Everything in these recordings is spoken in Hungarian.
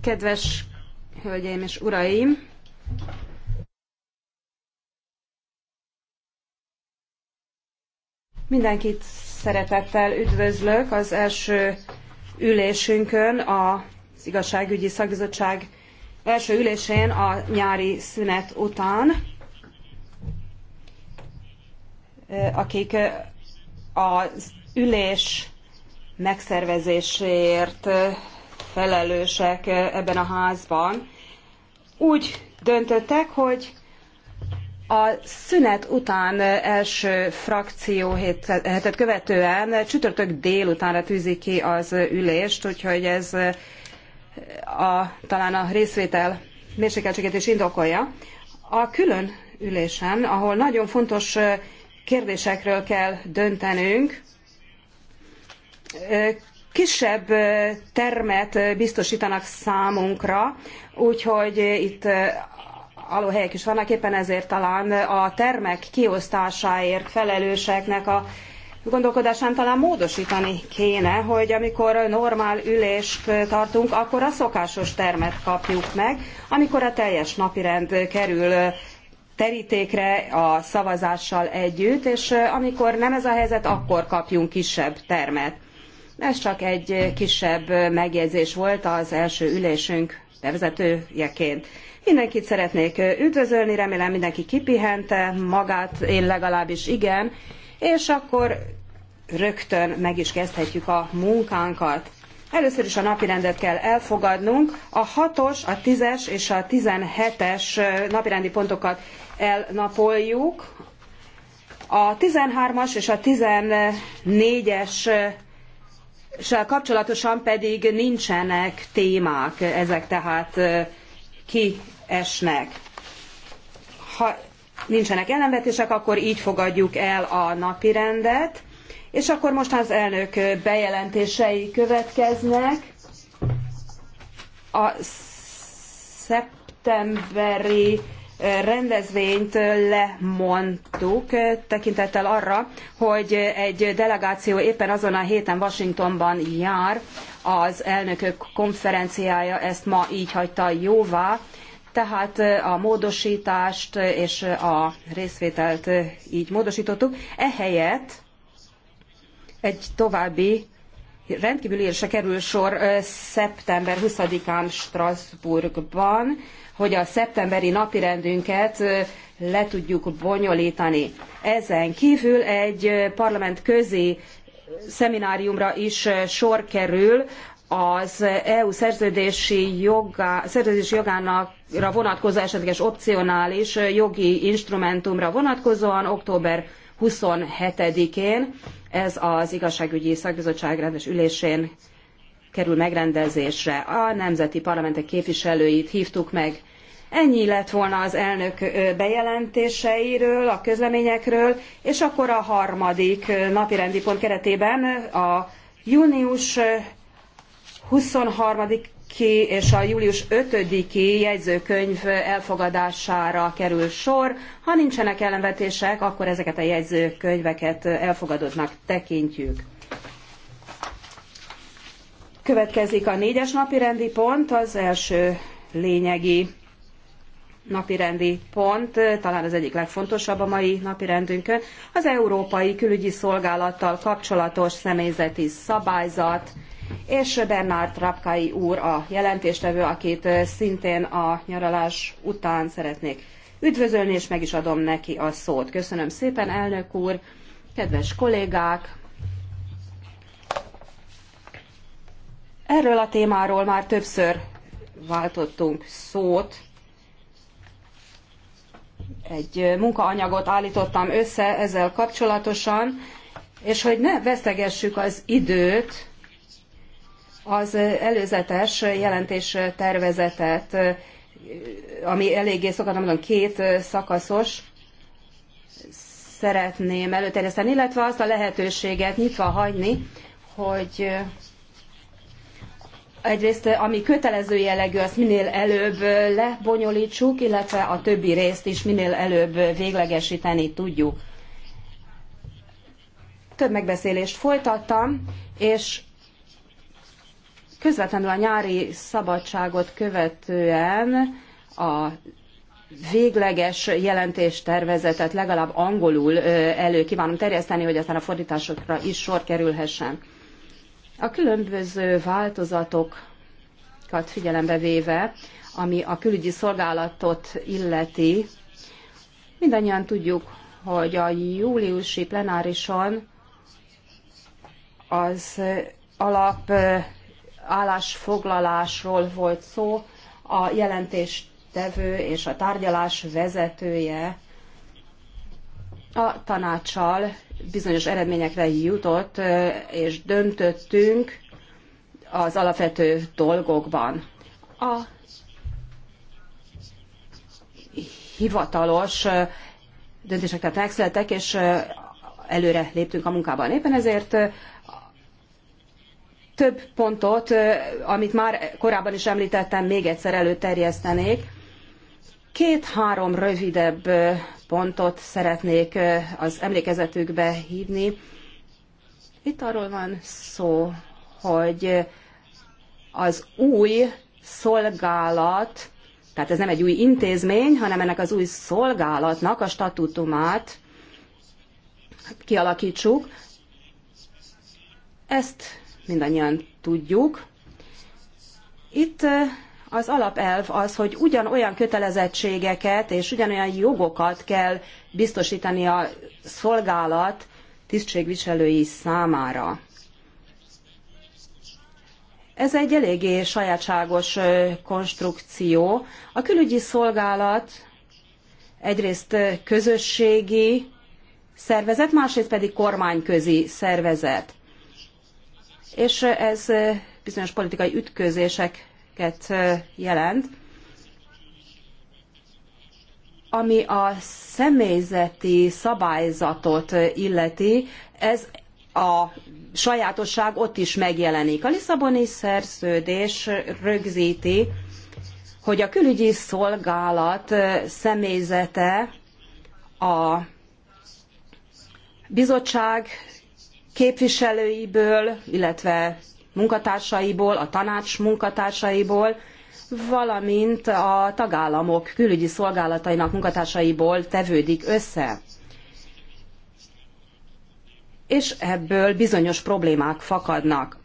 Kedves hölgyeim és uraim! Mindenkit szeretettel üdvözlök az első ülésünkön, az igazságügyi szakbizottság első ülésén a nyári szünet után. Akik az ülés megszervezéséért felelősek ebben a házban úgy döntöttek, hogy a szünet után első frakció hetet követően csütörtök délutánra tűzik ki az ülést, úgyhogy ez a, talán a részvétel mérsékeltséget is indokolja. A külön ülésen, ahol nagyon fontos kérdésekről kell döntenünk, kisebb termet biztosítanak számunkra, úgyhogy itt alóhelyek is vannak, éppen ezért talán a termek kiosztásáért felelőseknek a gondolkodásán talán módosítani kéne, hogy amikor normál ülést tartunk, akkor a szokásos termet kapjuk meg, amikor a teljes napirend kerül terítékre a szavazással együtt, és amikor nem ez a helyzet, akkor kapjunk kisebb termet. Ez csak egy kisebb megjegyzés volt az első ülésünk bevezetőjeként. Mindenkit szeretnék üdvözölni, remélem mindenki kipihente magát, én legalábbis igen, és akkor rögtön meg is kezdhetjük a munkánkat. Először is a napirendet kell elfogadnunk. A 6-os, a 10-es és a 17-es napirendi pontokat elnapoljuk. A 13-as és a 14-es és kapcsolatosan pedig nincsenek témák, ezek tehát kiesnek. Ha nincsenek ellenvetések, akkor így fogadjuk el a napirendet. És akkor most az elnök bejelentései következnek. A szeptemberi rendezvényt lemondtuk, eh, tekintettel arra, hogy egy delegáció éppen azon a héten Washingtonban jár, az elnökök konferenciája ezt ma így hagyta jóvá, tehát eh, a módosítást és a részvételt eh, így módosítottuk. Ehelyett egy további rendkívül érse kerül sor szeptember 20-án Strasbourgban, hogy a szeptemberi napirendünket le tudjuk bonyolítani. Ezen kívül egy parlament közi szemináriumra is sor kerül, az EU szerződési, joga, szerződési jogának vonatkozó esetleges opcionális jogi instrumentumra vonatkozóan október 27-én ez az igazságügyi szakbizottság rendes ülésén kerül megrendezésre. A nemzeti parlamentek képviselőit hívtuk meg Ennyi lett volna az elnök bejelentéseiről, a közleményekről, és akkor a harmadik napirendi pont keretében a június 23-i és a július 5-i jegyzőkönyv elfogadására kerül sor. Ha nincsenek ellenvetések, akkor ezeket a jegyzőkönyveket elfogadottnak tekintjük. Következik a négyes napi rendi pont, az első lényegi napirendi pont, eh, talán az egyik legfontosabb a mai napirendünkön, az Európai Külügyi Szolgálattal kapcsolatos személyzeti szabályzat, és Bernard Rapkai úr a jelentéstevő, akit eh, szintén a nyaralás után szeretnék üdvözölni, és meg is adom neki a szót. Köszönöm szépen, elnök úr, kedves kollégák! Erről a témáról már többször váltottunk szót, egy munkaanyagot állítottam össze ezzel kapcsolatosan, és hogy ne vesztegessük az időt, az előzetes jelentés tervezetet, ami eléggé szokatlan mondom két szakaszos, szeretném előterjeszteni, illetve azt a lehetőséget nyitva hagyni, hogy egyrészt ami kötelező jellegű, azt minél előbb lebonyolítsuk, illetve a többi részt is minél előbb véglegesíteni tudjuk. Több megbeszélést folytattam, és közvetlenül a nyári szabadságot követően a végleges jelentéstervezetet legalább angolul elő kívánom terjeszteni, hogy aztán a fordításokra is sor kerülhessen. A különböző változatokat figyelembe véve, ami a külügyi szolgálatot illeti, mindannyian tudjuk, hogy a júliusi plenárison az alap állásfoglalásról volt szó, a jelentéstevő és a tárgyalás vezetője a tanácssal bizonyos eredményekre jutott, és döntöttünk az alapvető dolgokban. A hivatalos döntések tehát megszülettek, és előre léptünk a munkában. Éppen ezért több pontot, amit már korábban is említettem, még egyszer előterjesztenék. Két-három rövidebb pontot szeretnék az emlékezetükbe hívni. Itt arról van szó, hogy az új szolgálat, tehát ez nem egy új intézmény, hanem ennek az új szolgálatnak a statutumát kialakítsuk. Ezt mindannyian tudjuk. Itt az alapelv az, hogy ugyanolyan kötelezettségeket és ugyanolyan jogokat kell biztosítani a szolgálat tisztségviselői számára. Ez egy eléggé sajátságos konstrukció. A külügyi szolgálat egyrészt közösségi szervezet, másrészt pedig kormányközi szervezet. És ez bizonyos politikai ütközések ket jelent, ami a személyzeti szabályzatot illeti, ez a sajátosság ott is megjelenik. A Lisszaboni szerződés rögzíti, hogy a külügyi szolgálat személyzete a bizottság képviselőiből, illetve munkatársaiból, a tanács munkatársaiból, valamint a tagállamok külügyi szolgálatainak munkatársaiból tevődik össze. És ebből bizonyos problémák fakadnak.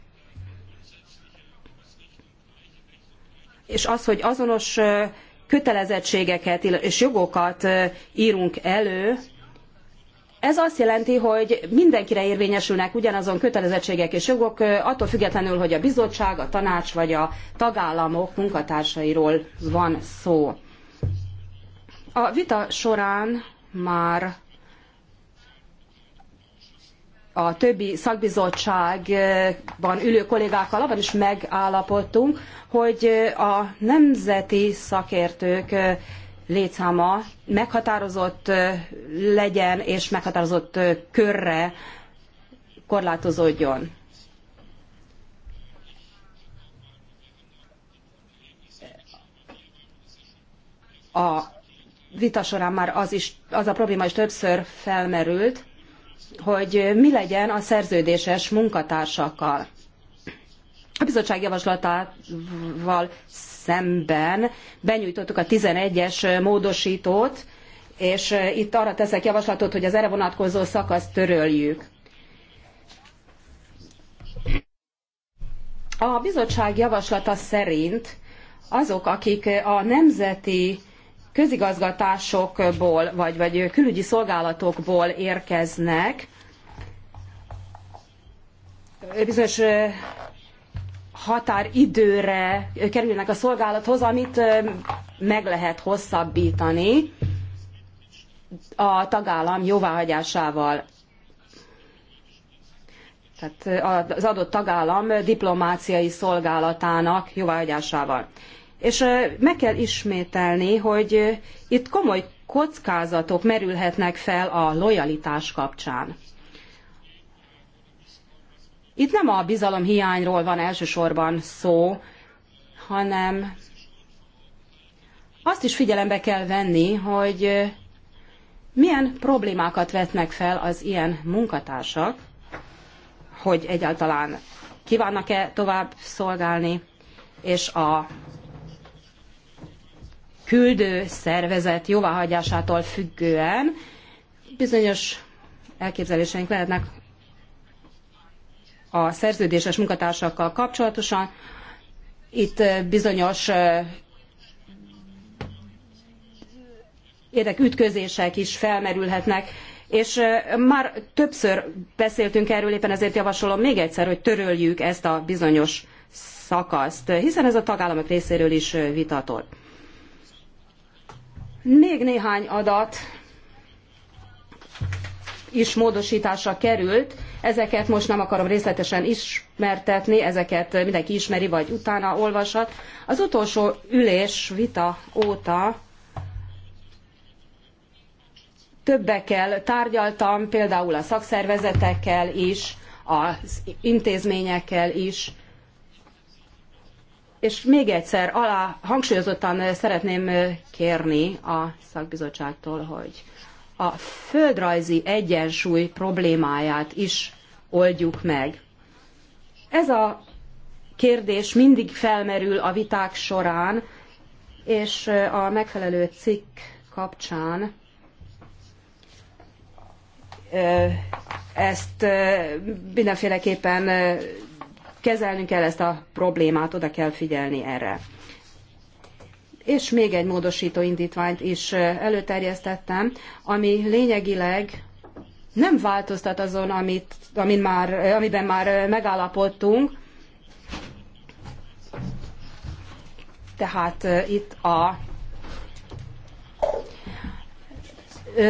És az, hogy azonos kötelezettségeket és jogokat írunk elő, ez azt jelenti, hogy mindenkire érvényesülnek ugyanazon kötelezettségek és jogok, attól függetlenül, hogy a bizottság, a tanács vagy a tagállamok munkatársairól van szó. A vita során már a többi szakbizottságban ülő kollégákkal abban is megállapodtunk, hogy a nemzeti szakértők létszáma meghatározott legyen, és meghatározott körre korlátozódjon. A vita során már az, is, az a probléma is többször felmerült, hogy mi legyen a szerződéses munkatársakkal. A bizottság javaslatával szemben benyújtottuk a 11-es módosítót, és itt arra teszek javaslatot, hogy az erre vonatkozó szakaszt töröljük. A bizottság javaslata szerint azok, akik a nemzeti közigazgatásokból, vagy, vagy külügyi szolgálatokból érkeznek, bizonyos határidőre kerülnek a szolgálathoz, amit meg lehet hosszabbítani a tagállam jóváhagyásával. Tehát az adott tagállam diplomáciai szolgálatának jóváhagyásával. És meg kell ismételni, hogy itt komoly kockázatok merülhetnek fel a lojalitás kapcsán. Itt nem a bizalom hiányról van elsősorban szó, hanem azt is figyelembe kell venni, hogy milyen problémákat vetnek fel az ilyen munkatársak, hogy egyáltalán kívánnak-e tovább szolgálni, és a küldő szervezet jóváhagyásától függően bizonyos elképzeléseink lehetnek a szerződéses munkatársakkal kapcsolatosan. Itt eh, bizonyos eh, érdekütközések is felmerülhetnek, és eh, már többször beszéltünk erről, éppen ezért javasolom még egyszer, hogy töröljük ezt a bizonyos szakaszt, hiszen ez a tagállamok részéről is vitatott. Még néhány adat is módosításra került, Ezeket most nem akarom részletesen ismertetni, ezeket mindenki ismeri, vagy utána olvashat. Az utolsó ülés vita óta többekkel tárgyaltam, például a szakszervezetekkel is, az intézményekkel is, és még egyszer alá hangsúlyozottan szeretném kérni a szakbizottságtól, hogy a földrajzi egyensúly problémáját is oldjuk meg. Ez a kérdés mindig felmerül a viták során, és a megfelelő cikk kapcsán ezt mindenféleképpen kezelnünk kell ezt a problémát, oda kell figyelni erre és még egy módosító indítványt is előterjesztettem, ami lényegileg nem változtat azon, amit, amin már, amiben már megállapodtunk. Tehát itt a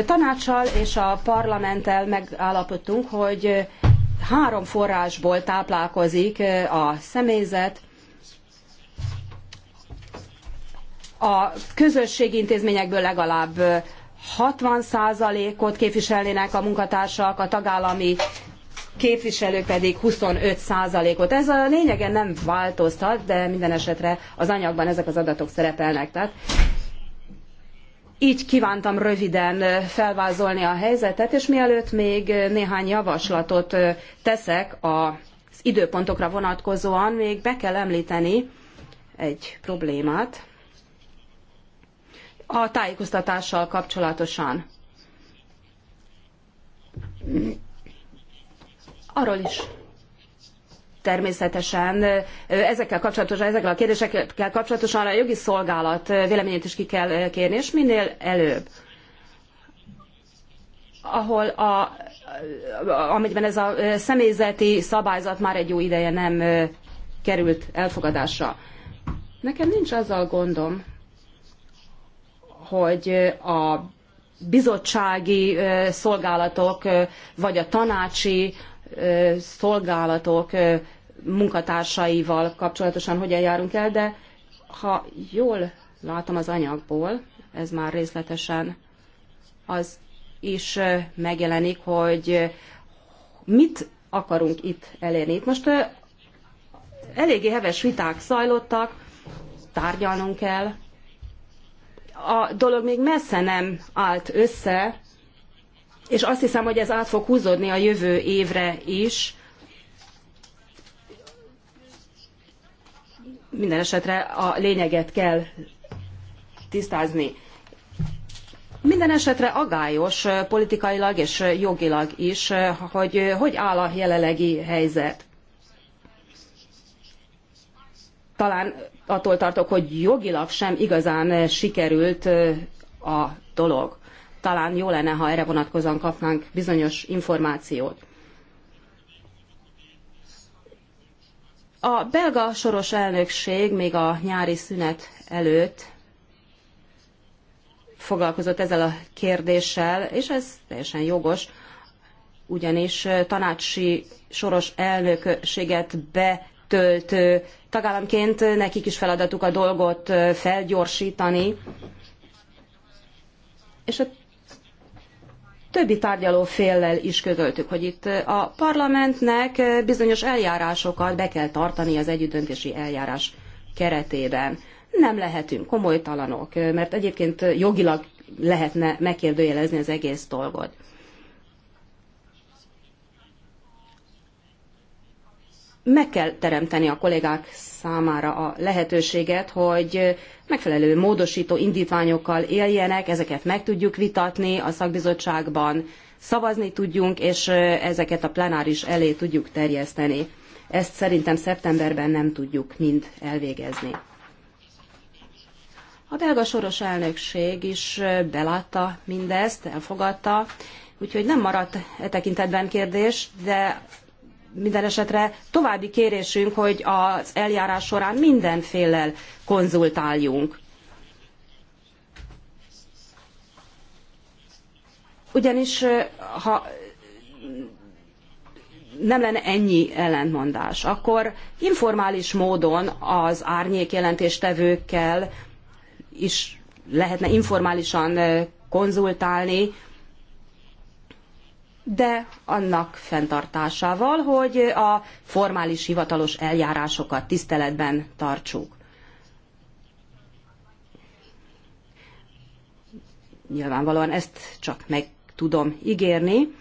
tanácssal és a parlamenttel megállapodtunk, hogy három forrásból táplálkozik a személyzet, a közösségi intézményekből legalább 60%-ot képviselnének a munkatársak, a tagállami képviselők pedig 25%-ot. Ez a lényegen nem változtat, de minden esetre az anyagban ezek az adatok szerepelnek. Tehát így kívántam röviden felvázolni a helyzetet, és mielőtt még néhány javaslatot teszek az időpontokra vonatkozóan, még be kell említeni egy problémát a tájékoztatással kapcsolatosan. Arról is természetesen ezekkel kapcsolatosan, ezekkel a kérdésekkel kapcsolatosan a jogi szolgálat véleményét is ki kell kérni, és minél előbb, ahol a, amiben ez a személyzeti szabályzat már egy jó ideje nem került elfogadásra. Nekem nincs azzal gondom, hogy a bizottsági szolgálatok vagy a tanácsi szolgálatok munkatársaival kapcsolatosan hogyan járunk el, de ha jól látom az anyagból, ez már részletesen az is megjelenik, hogy mit akarunk itt elérni. Itt most eléggé heves viták zajlottak, tárgyalnunk kell, a dolog még messze nem állt össze, és azt hiszem, hogy ez át fog húzódni a jövő évre is. Minden esetre a lényeget kell tisztázni. Minden esetre agályos politikailag és jogilag is, hogy hogy áll a jelenlegi helyzet. Talán attól tartok, hogy jogilag sem igazán eh, sikerült eh, a dolog. Talán jó lenne, ha erre vonatkozóan kapnánk bizonyos információt. A belga soros elnökség még a nyári szünet előtt foglalkozott ezzel a kérdéssel, és ez teljesen jogos, ugyanis tanácsi soros elnökséget be tölt tagállamként nekik is feladatuk a dolgot felgyorsítani. És a többi tárgyaló féllel is közöltük, hogy itt a parlamentnek bizonyos eljárásokat be kell tartani az együttdöntési eljárás keretében. Nem lehetünk komolytalanok, mert egyébként jogilag lehetne megkérdőjelezni az egész dolgot. meg kell teremteni a kollégák számára a lehetőséget, hogy megfelelő módosító indítványokkal éljenek, ezeket meg tudjuk vitatni a szakbizottságban, szavazni tudjunk, és ezeket a plenáris elé tudjuk terjeszteni. Ezt szerintem szeptemberben nem tudjuk mind elvégezni. A belga soros elnökség is belátta mindezt, elfogadta, úgyhogy nem maradt e tekintetben kérdés, de minden esetre további kérésünk, hogy az eljárás során mindenfélel konzultáljunk. Ugyanis ha nem lenne ennyi ellentmondás, akkor informális módon az árnyék jelentéstevőkkel is lehetne informálisan konzultálni, de annak fenntartásával, hogy a formális hivatalos eljárásokat tiszteletben tartsuk. Nyilvánvalóan ezt csak meg tudom ígérni.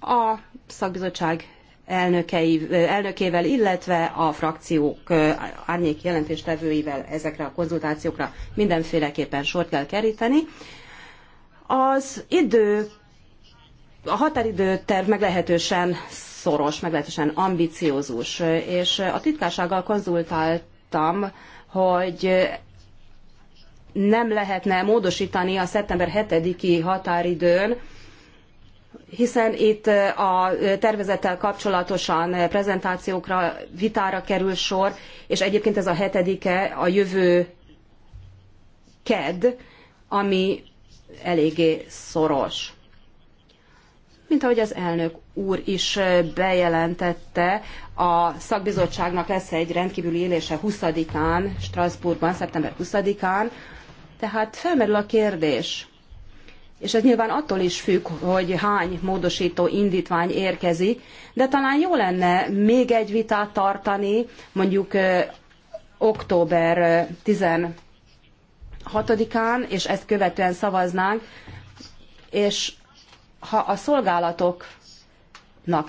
A szakbizottság elnökei, elnökével, illetve a frakciók árnyék jelentéstevőivel ezekre a konzultációkra mindenféleképpen sort kell keríteni. Az idő, a határidőterv meglehetősen szoros, meglehetősen ambiciózus, és a titkársággal konzultáltam, hogy nem lehetne módosítani a szeptember 7-i határidőn, hiszen itt a tervezettel kapcsolatosan prezentációkra, vitára kerül sor, és egyébként ez a hetedike a jövő KED, ami eléggé szoros. Mint ahogy az elnök úr is bejelentette, a szakbizottságnak lesz egy rendkívüli élése 20-án, Strasbourgban, szeptember 20-án, tehát felmerül a kérdés, és ez nyilván attól is függ, hogy hány módosító indítvány érkezik, de talán jó lenne még egy vitát tartani, mondjuk október 6-án, és ezt követően szavaznánk, és ha a szolgálatoknak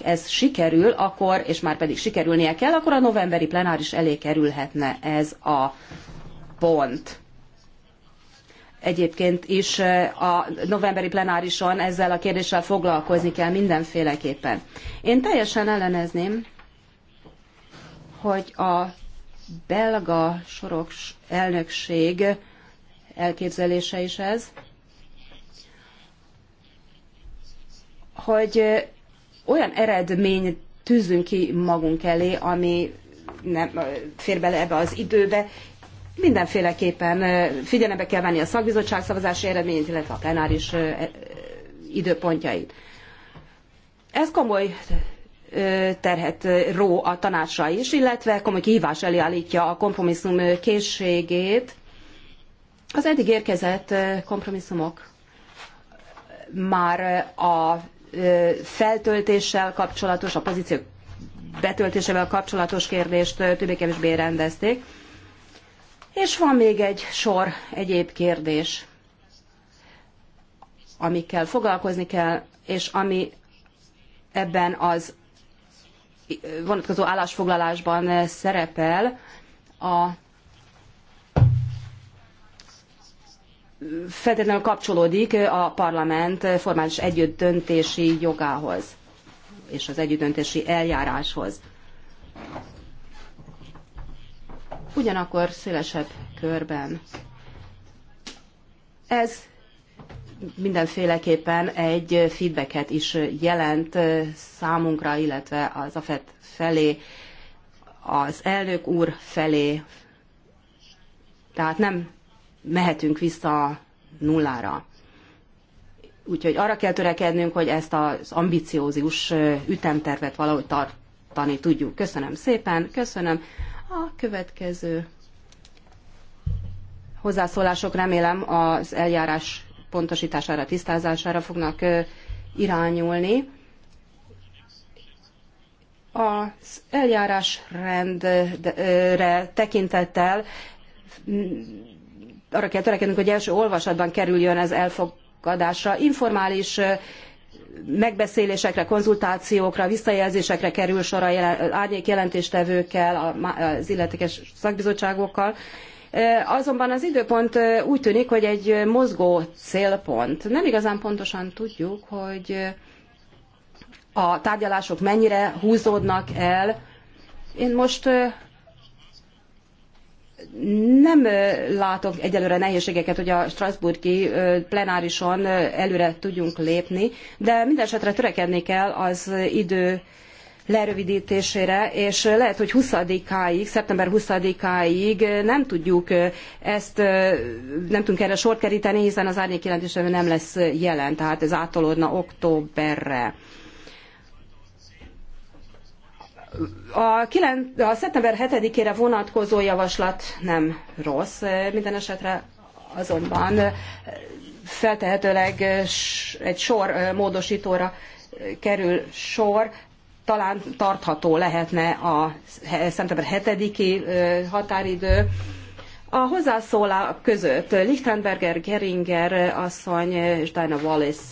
ez sikerül, akkor, és már pedig sikerülnie kell, akkor a novemberi plenáris elé kerülhetne ez a pont. Egyébként is a novemberi plenárison ezzel a kérdéssel foglalkozni kell mindenféleképpen. Én teljesen ellenezném, hogy a belga soros elnökség elképzelése is ez, hogy olyan eredmény tűzünk ki magunk elé, ami nem fér bele ebbe az időbe, mindenféleképpen figyelembe kell venni a szakbizottság szavazási eredményét, illetve a plenáris e, időpontjait. Ez komoly terhet ró a tanácsra is, illetve komoly kihívás elé állítja a kompromisszum készségét, az eddig érkezett kompromisszumok már a feltöltéssel kapcsolatos, a pozíciók betöltésével kapcsolatos kérdést többé-kevésbé rendezték. És van még egy sor egyéb kérdés, amikkel foglalkozni kell, és ami ebben az vonatkozó állásfoglalásban szerepel, a feltétlenül kapcsolódik a parlament formális együttdöntési jogához és az együttdöntési eljáráshoz. Ugyanakkor szélesebb körben. Ez mindenféleképpen egy feedbacket is jelent számunkra, illetve az AFET felé, az elnök úr felé. Tehát nem mehetünk vissza nullára. Úgyhogy arra kell törekednünk, hogy ezt az ambiciózus ütemtervet valahogy tartani tudjuk. Köszönöm szépen, köszönöm. A következő hozzászólások remélem az eljárás pontosítására, tisztázására fognak irányulni. Az eljárásrendre tekintettel arra kell törekednünk, hogy első olvasatban kerüljön ez elfogadásra. Informális megbeszélésekre, konzultációkra, visszajelzésekre kerül sor a árnyék jelentéstevőkkel, az illetékes szakbizottságokkal. Azonban az időpont úgy tűnik, hogy egy mozgó célpont. Nem igazán pontosan tudjuk, hogy a tárgyalások mennyire húzódnak el. Én most nem látok egyelőre nehézségeket, hogy a Strasburgi plenárison előre tudjunk lépni, de mindenesetre törekedni kell az idő lerövidítésére, és lehet, hogy 20-áig, szeptember 20-áig nem tudjuk ezt, nem tudunk erre sort keríteni, hiszen az árnyék jelentésre nem lesz jelen, tehát ez átolódna októberre. A, 9, a szeptember 7-ére vonatkozó javaslat nem rossz, minden esetre azonban feltehetőleg egy sor módosítóra kerül sor, talán tartható lehetne a szeptember 7-i határidő. A hozzászólá között Lichtenberger, Geringer asszony és Diana Wallace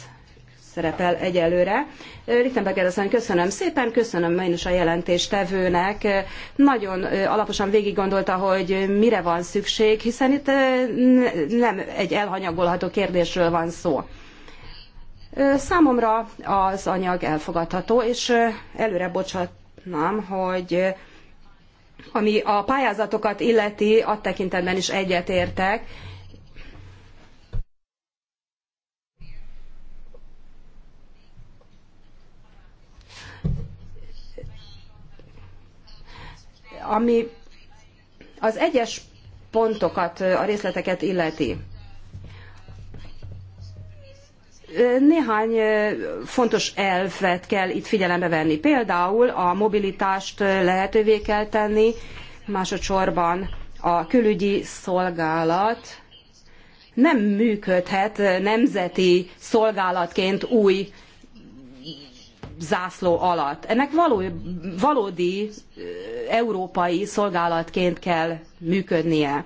szerepel egyelőre. Lichtenberger asszony, köszönöm szépen, köszönöm én is a jelentéstevőnek. Nagyon alaposan végiggondolta, hogy mire van szükség, hiszen itt nem egy elhanyagolható kérdésről van szó. Számomra az anyag elfogadható, és előre bocsátnám, hogy ami a pályázatokat illeti, a tekintetben is egyetértek, ami az egyes pontokat, a részleteket illeti. Néhány fontos elvet kell itt figyelembe venni. Például a mobilitást lehetővé kell tenni, másodszorban a külügyi szolgálat nem működhet nemzeti szolgálatként új zászló alatt. Ennek való, valódi európai szolgálatként kell működnie.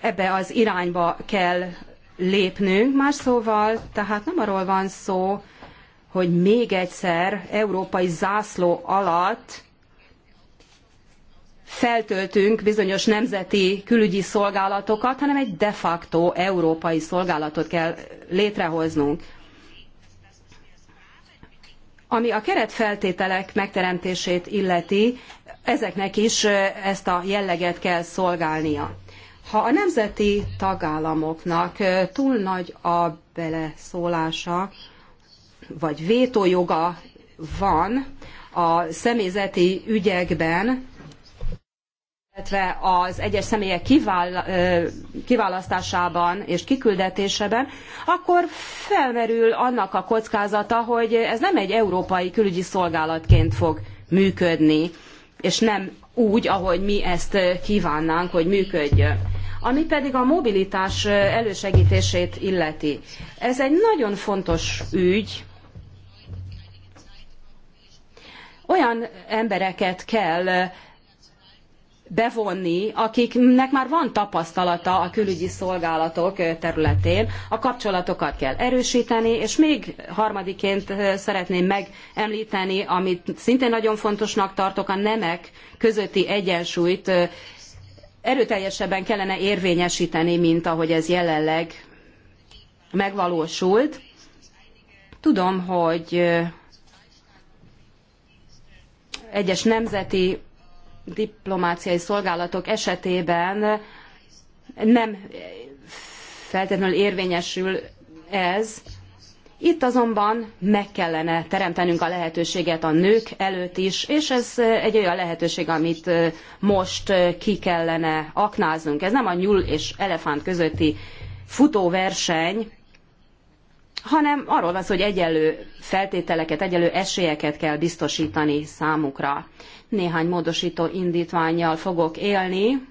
Ebbe az irányba kell lépnünk. Más szóval, tehát nem arról van szó, hogy még egyszer európai zászló alatt feltöltünk bizonyos nemzeti külügyi szolgálatokat, hanem egy de facto európai szolgálatot kell létrehoznunk. Ami a keretfeltételek megteremtését illeti, ezeknek is ezt a jelleget kell szolgálnia. Ha a nemzeti tagállamoknak túl nagy a beleszólása, vagy vétójoga van a személyzeti ügyekben, illetve az egyes személyek kivál, kiválasztásában és kiküldetésében, akkor felmerül annak a kockázata, hogy ez nem egy európai külügyi szolgálatként fog működni, és nem úgy, ahogy mi ezt kívánnánk, hogy működjön. Ami pedig a mobilitás elősegítését illeti. Ez egy nagyon fontos ügy, olyan embereket kell bevonni, akiknek már van tapasztalata a külügyi szolgálatok területén. A kapcsolatokat kell erősíteni, és még harmadiként szeretném megemlíteni, amit szintén nagyon fontosnak tartok, a nemek közötti egyensúlyt erőteljesebben kellene érvényesíteni, mint ahogy ez jelenleg megvalósult. Tudom, hogy egyes nemzeti diplomáciai szolgálatok esetében nem feltétlenül érvényesül ez. Itt azonban meg kellene teremtenünk a lehetőséget a nők előtt is, és ez egy olyan lehetőség, amit most ki kellene aknáznunk. Ez nem a nyúl és elefánt közötti futóverseny, hanem arról van szó, hogy egyenlő feltételeket, egyenlő esélyeket kell biztosítani számukra néhány módosító indítványjal fogok élni.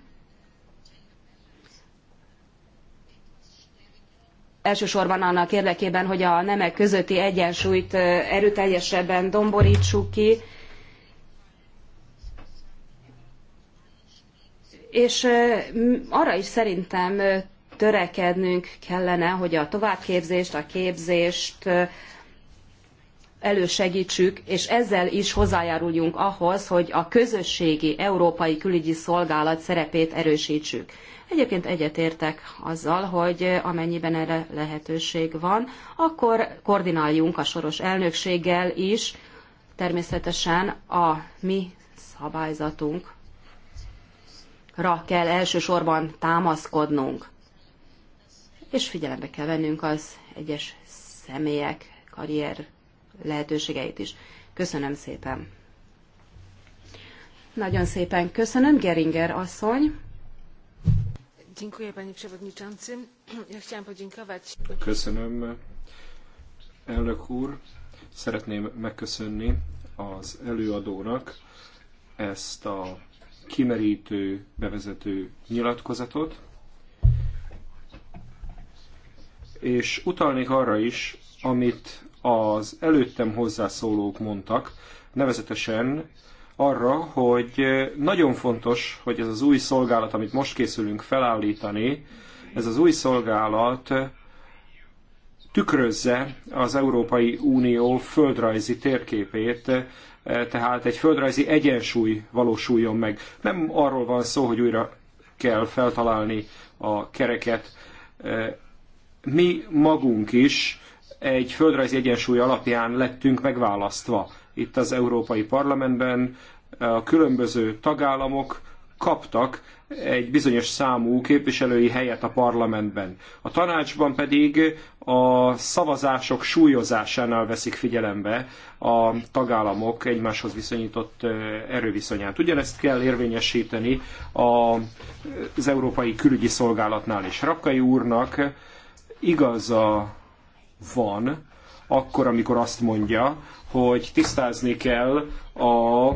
Elsősorban annak érdekében, hogy a nemek közötti egyensúlyt erőteljesebben domborítsuk ki, és arra is szerintem törekednünk kellene, hogy a továbbképzést, a képzést, elősegítsük, és ezzel is hozzájáruljunk ahhoz, hogy a közösségi európai külügyi szolgálat szerepét erősítsük. Egyébként egyetértek azzal, hogy amennyiben erre lehetőség van, akkor koordináljunk a soros elnökséggel is, természetesen a mi szabályzatunkra kell elsősorban támaszkodnunk, és figyelembe kell vennünk az egyes személyek karrier lehetőségeit is. Köszönöm szépen. Nagyon szépen köszönöm, Geringer asszony. Köszönöm, elnök úr. Szeretném megköszönni az előadónak ezt a kimerítő bevezető nyilatkozatot, és utalnék arra is, amit az előttem hozzászólók mondtak, nevezetesen arra, hogy nagyon fontos, hogy ez az új szolgálat, amit most készülünk felállítani, ez az új szolgálat tükrözze az Európai Unió földrajzi térképét, tehát egy földrajzi egyensúly valósuljon meg. Nem arról van szó, hogy újra kell feltalálni a kereket. Mi magunk is egy földrajzi egyensúly alapján lettünk megválasztva itt az Európai Parlamentben. A különböző tagállamok kaptak egy bizonyos számú képviselői helyet a parlamentben. A tanácsban pedig a szavazások súlyozásánál veszik figyelembe a tagállamok egymáshoz viszonyított erőviszonyát. Ugyanezt kell érvényesíteni az Európai Külügyi Szolgálatnál is. Rapkai úrnak igaza van, akkor, amikor azt mondja, hogy tisztázni kell a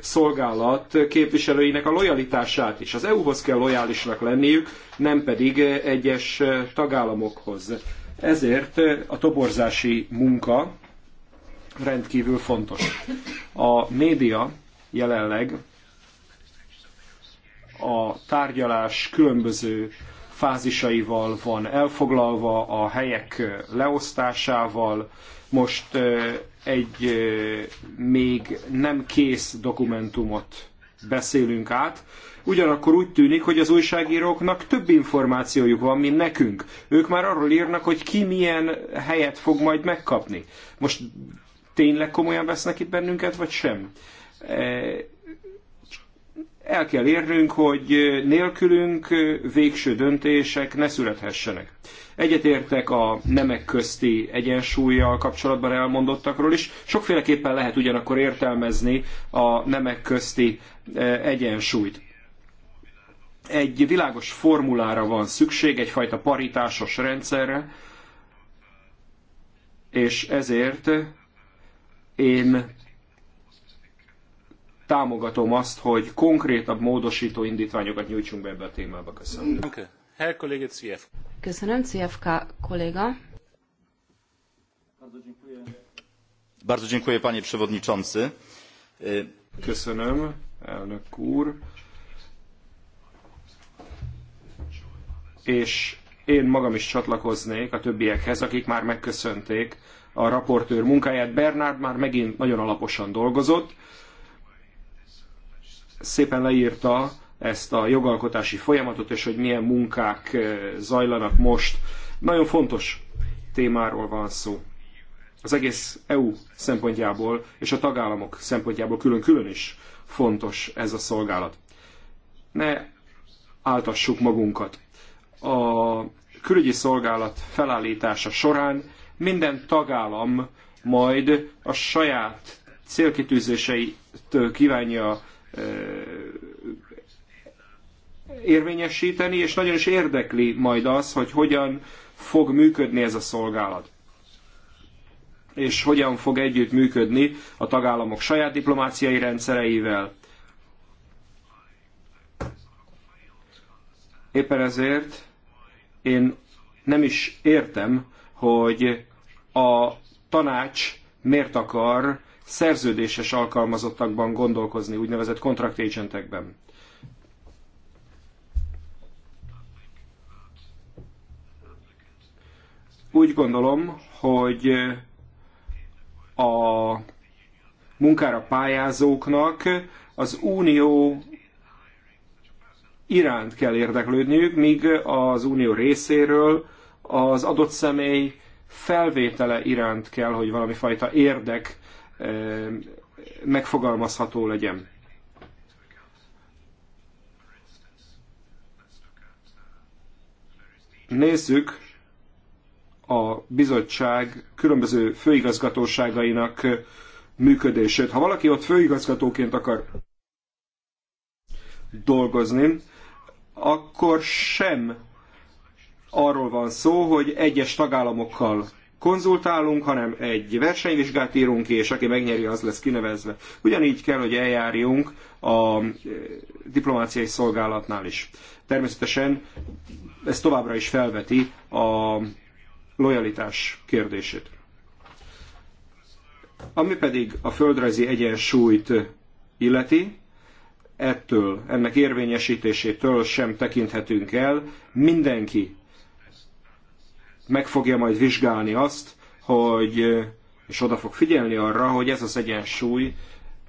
szolgálat képviselőinek a lojalitását is. Az EU-hoz kell lojálisnak lenniük, nem pedig egyes tagállamokhoz. Ezért a toborzási munka rendkívül fontos. A média jelenleg a tárgyalás különböző fázisaival van elfoglalva, a helyek leosztásával. Most egy még nem kész dokumentumot beszélünk át. Ugyanakkor úgy tűnik, hogy az újságíróknak több információjuk van, mint nekünk. Ők már arról írnak, hogy ki milyen helyet fog majd megkapni. Most tényleg komolyan vesznek itt bennünket, vagy sem? el kell érnünk, hogy nélkülünk végső döntések ne születhessenek. Egyetértek a nemek közti egyensúlyjal kapcsolatban elmondottakról is. Sokféleképpen lehet ugyanakkor értelmezni a nemek közti egyensúlyt. Egy világos formulára van szükség, egyfajta paritásos rendszerre, és ezért én támogatom azt, hogy konkrétabb módosító indítványokat nyújtsunk be ebbe a témába. Köszönöm. Köszönöm, CFK kolléga. Bardzo dziękuję, panie przewodniczący. E, Köszönöm, elnök úr. És én magam is csatlakoznék a többiekhez, akik már megköszönték a raportőr munkáját. Bernard már megint nagyon alaposan dolgozott, szépen leírta ezt a jogalkotási folyamatot, és hogy milyen munkák eh, zajlanak most. Nagyon fontos témáról van szó. Az egész EU szempontjából és a tagállamok szempontjából külön-külön is fontos ez a szolgálat. Ne áltassuk magunkat. A külügyi szolgálat felállítása során minden tagállam majd a saját célkitűzéseitől eh, kívánja érvényesíteni, és nagyon is érdekli majd az, hogy hogyan fog működni ez a szolgálat és hogyan fog együtt működni a tagállamok saját diplomáciai rendszereivel. Éppen ezért én nem is értem, hogy a tanács miért akar szerződéses alkalmazottakban gondolkozni, úgynevezett contract agentekben. Úgy gondolom, hogy a munkára pályázóknak az unió iránt kell érdeklődniük, míg az unió részéről az adott személy felvétele iránt kell, hogy valami fajta érdek megfogalmazható legyen. Nézzük a bizottság különböző főigazgatóságainak működését. Ha valaki ott főigazgatóként akar dolgozni, akkor sem arról van szó, hogy egyes tagállamokkal konzultálunk, hanem egy versenyvizsgát írunk ki, és aki megnyeri, az lesz kinevezve. Ugyanígy kell, hogy eljárjunk a eh, diplomáciai szolgálatnál is. Természetesen ez továbbra is felveti a lojalitás kérdését. Ami pedig a földrajzi egyensúlyt illeti, ettől, ennek érvényesítésétől sem tekinthetünk el, mindenki meg fogja majd vizsgálni azt, hogy, és oda fog figyelni arra, hogy ez az egyensúly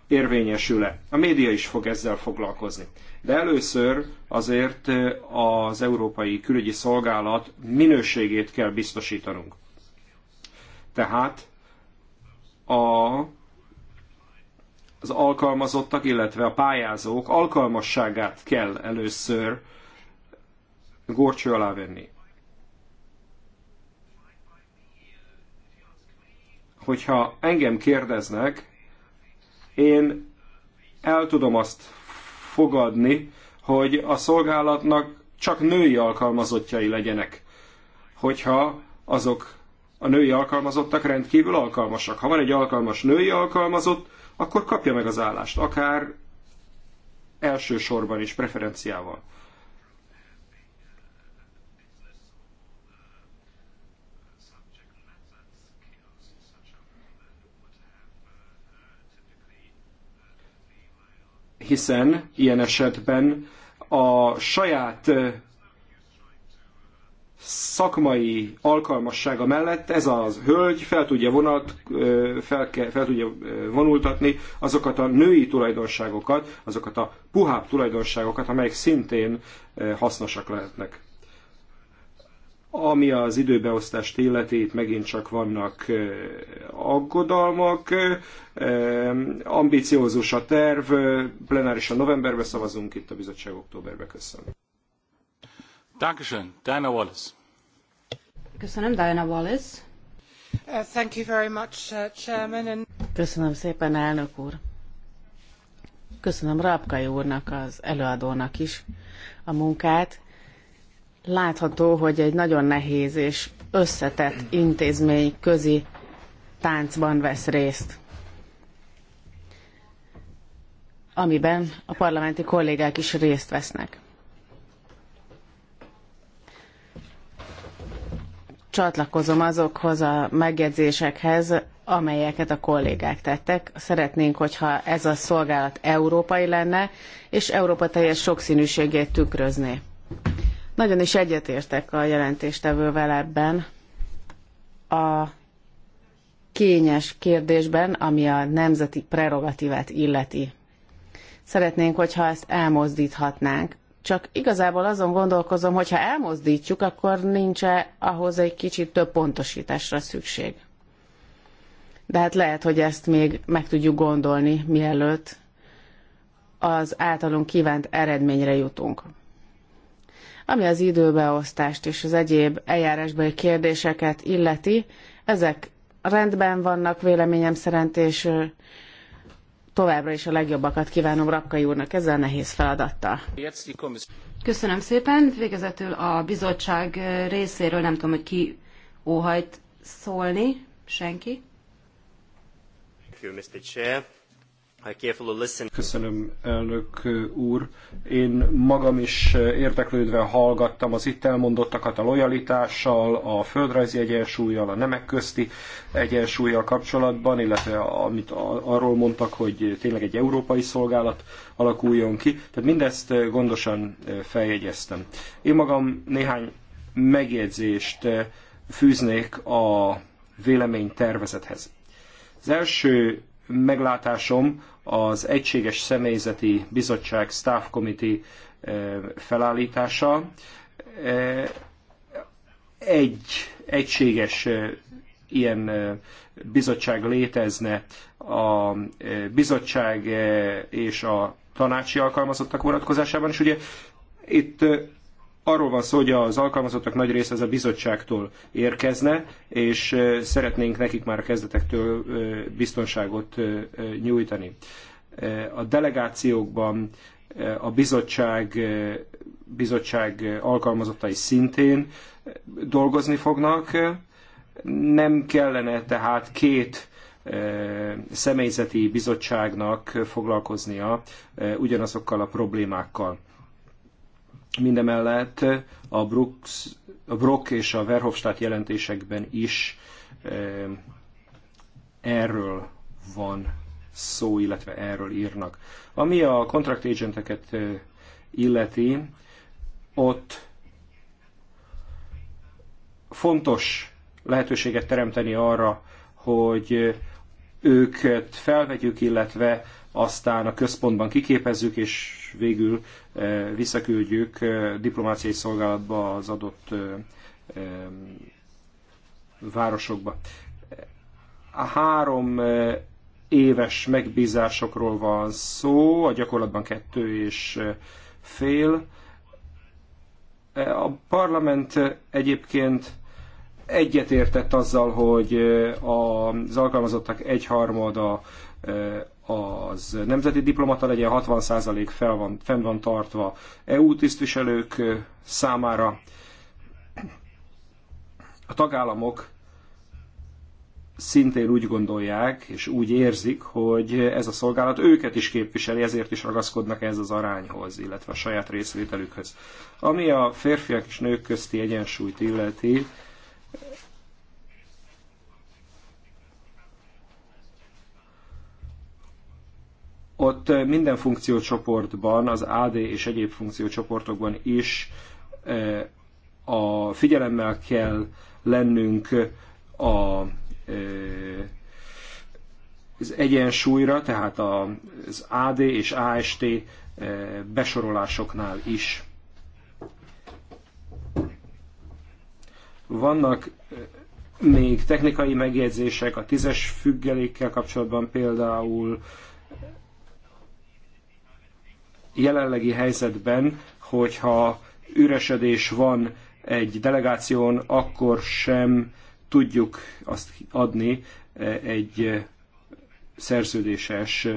érvényesül-e. A média is fog ezzel foglalkozni. De először azért az Európai Külügyi Szolgálat minőségét kell biztosítanunk. Tehát a, az alkalmazottak, illetve a pályázók alkalmasságát kell először górcső alá venni. hogyha engem kérdeznek, én el tudom azt fogadni, hogy a szolgálatnak csak női alkalmazottjai legyenek, hogyha azok a női alkalmazottak rendkívül alkalmasak. Ha van egy alkalmas női alkalmazott, akkor kapja meg az állást, akár elsősorban is, preferenciával. hiszen ilyen esetben a saját szakmai alkalmassága mellett ez a hölgy fel tudja, vonat, fel, fel tudja vonultatni azokat a női tulajdonságokat, azokat a puhább tulajdonságokat, amelyek szintén hasznosak lehetnek. Ami az időbeosztást illeti, itt megint csak vannak aggodalmak, ambiciózus a terv, plenárisan novemberbe szavazunk, itt a bizottság októberbe köszönöm. Dankeschön, Diana Wallace. Köszönöm, Diana Wallace. Uh, thank you very much, uh, Chairman. And... Köszönöm szépen, elnök úr. Köszönöm Rapkai úrnak, az előadónak is a munkát, Látható, hogy egy nagyon nehéz és összetett intézmény közi táncban vesz részt, amiben a parlamenti kollégák is részt vesznek. csatlakozom azokhoz a megjegyzésekhez, amelyeket a kollégák tettek. Szeretnénk, hogyha ez a szolgálat európai lenne, és Európa teljes sokszínűségét tükrözné. Nagyon is egyetértek a jelentéstevővel ebben a kényes kérdésben, ami a nemzeti prerogatívát illeti. Szeretnénk, hogyha ezt elmozdíthatnánk, csak igazából azon gondolkozom, hogy ha elmozdítjuk, akkor nincs -e ahhoz egy kicsit több pontosításra szükség. De hát lehet, hogy ezt még meg tudjuk gondolni, mielőtt az általunk kívánt eredményre jutunk. Ami az időbeosztást és az egyéb eljárásbeli kérdéseket illeti, ezek rendben vannak véleményem szerint, és továbbra is a legjobbakat kívánom Rapkai úrnak ezzel nehéz feladattal. Köszönöm szépen. Végezetül a bizottság részéről nem tudom, hogy ki óhajt szólni. Senki? Thank you, Mr. Chair. Köszönöm, elnök úr. Én magam is érdeklődve hallgattam az itt elmondottakat a lojalitással, a földrajzi egyensúlyjal, a nemek közti egyensúlyjal kapcsolatban, illetve amit arról mondtak, hogy tényleg egy európai szolgálat alakuljon ki. Tehát mindezt gondosan feljegyeztem. Én magam néhány megjegyzést fűznék a véleménytervezethez. Az első meglátásom az Egységes Személyzeti Bizottság Staff Committee eh, felállítása, eh, egy egységes eh, ilyen bizottság létezne a bizottság és a tanácsi alkalmazottak vonatkozásában, és ugye itt arról van szó, hogy az alkalmazottak nagy része az a bizottságtól érkezne, és szeretnénk nekik már a kezdetektől biztonságot nyújtani. A delegációkban a bizottság, bizottság alkalmazottai szintén dolgozni fognak. Nem kellene tehát két személyzeti bizottságnak foglalkoznia ugyanazokkal a problémákkal. Mindemellett a, Brooks, a Brock és a Verhofstadt jelentésekben is erről van szó, illetve erről írnak. Ami a contract agenteket illeti, ott fontos lehetőséget teremteni arra, hogy őket felvegyük, illetve aztán a központban kiképezzük, és végül eh, visszaküldjük eh, diplomáciai szolgálatba az adott eh, városokba. A három éves megbízásokról van szó, a gyakorlatban kettő és fél. A parlament egyébként egyetértett azzal, hogy az alkalmazottak egyharmada az nemzeti diplomata legyen, 60% fel van, fenn van tartva EU tisztviselők számára. A tagállamok szintén úgy gondolják és úgy érzik, hogy ez a szolgálat őket is képviseli, ezért is ragaszkodnak ez az arányhoz, illetve a saját részvételükhöz. Ami a férfiak és nők közti egyensúlyt illeti, Ott minden funkciócsoportban, az AD és egyéb funkciócsoportokban is a figyelemmel kell lennünk a, az egyensúlyra, tehát az AD és AST besorolásoknál is. Vannak még technikai megjegyzések a tízes függelékkel kapcsolatban például jelenlegi helyzetben, hogyha üresedés van egy delegáción, akkor sem tudjuk azt adni eh, egy eh, szerződéses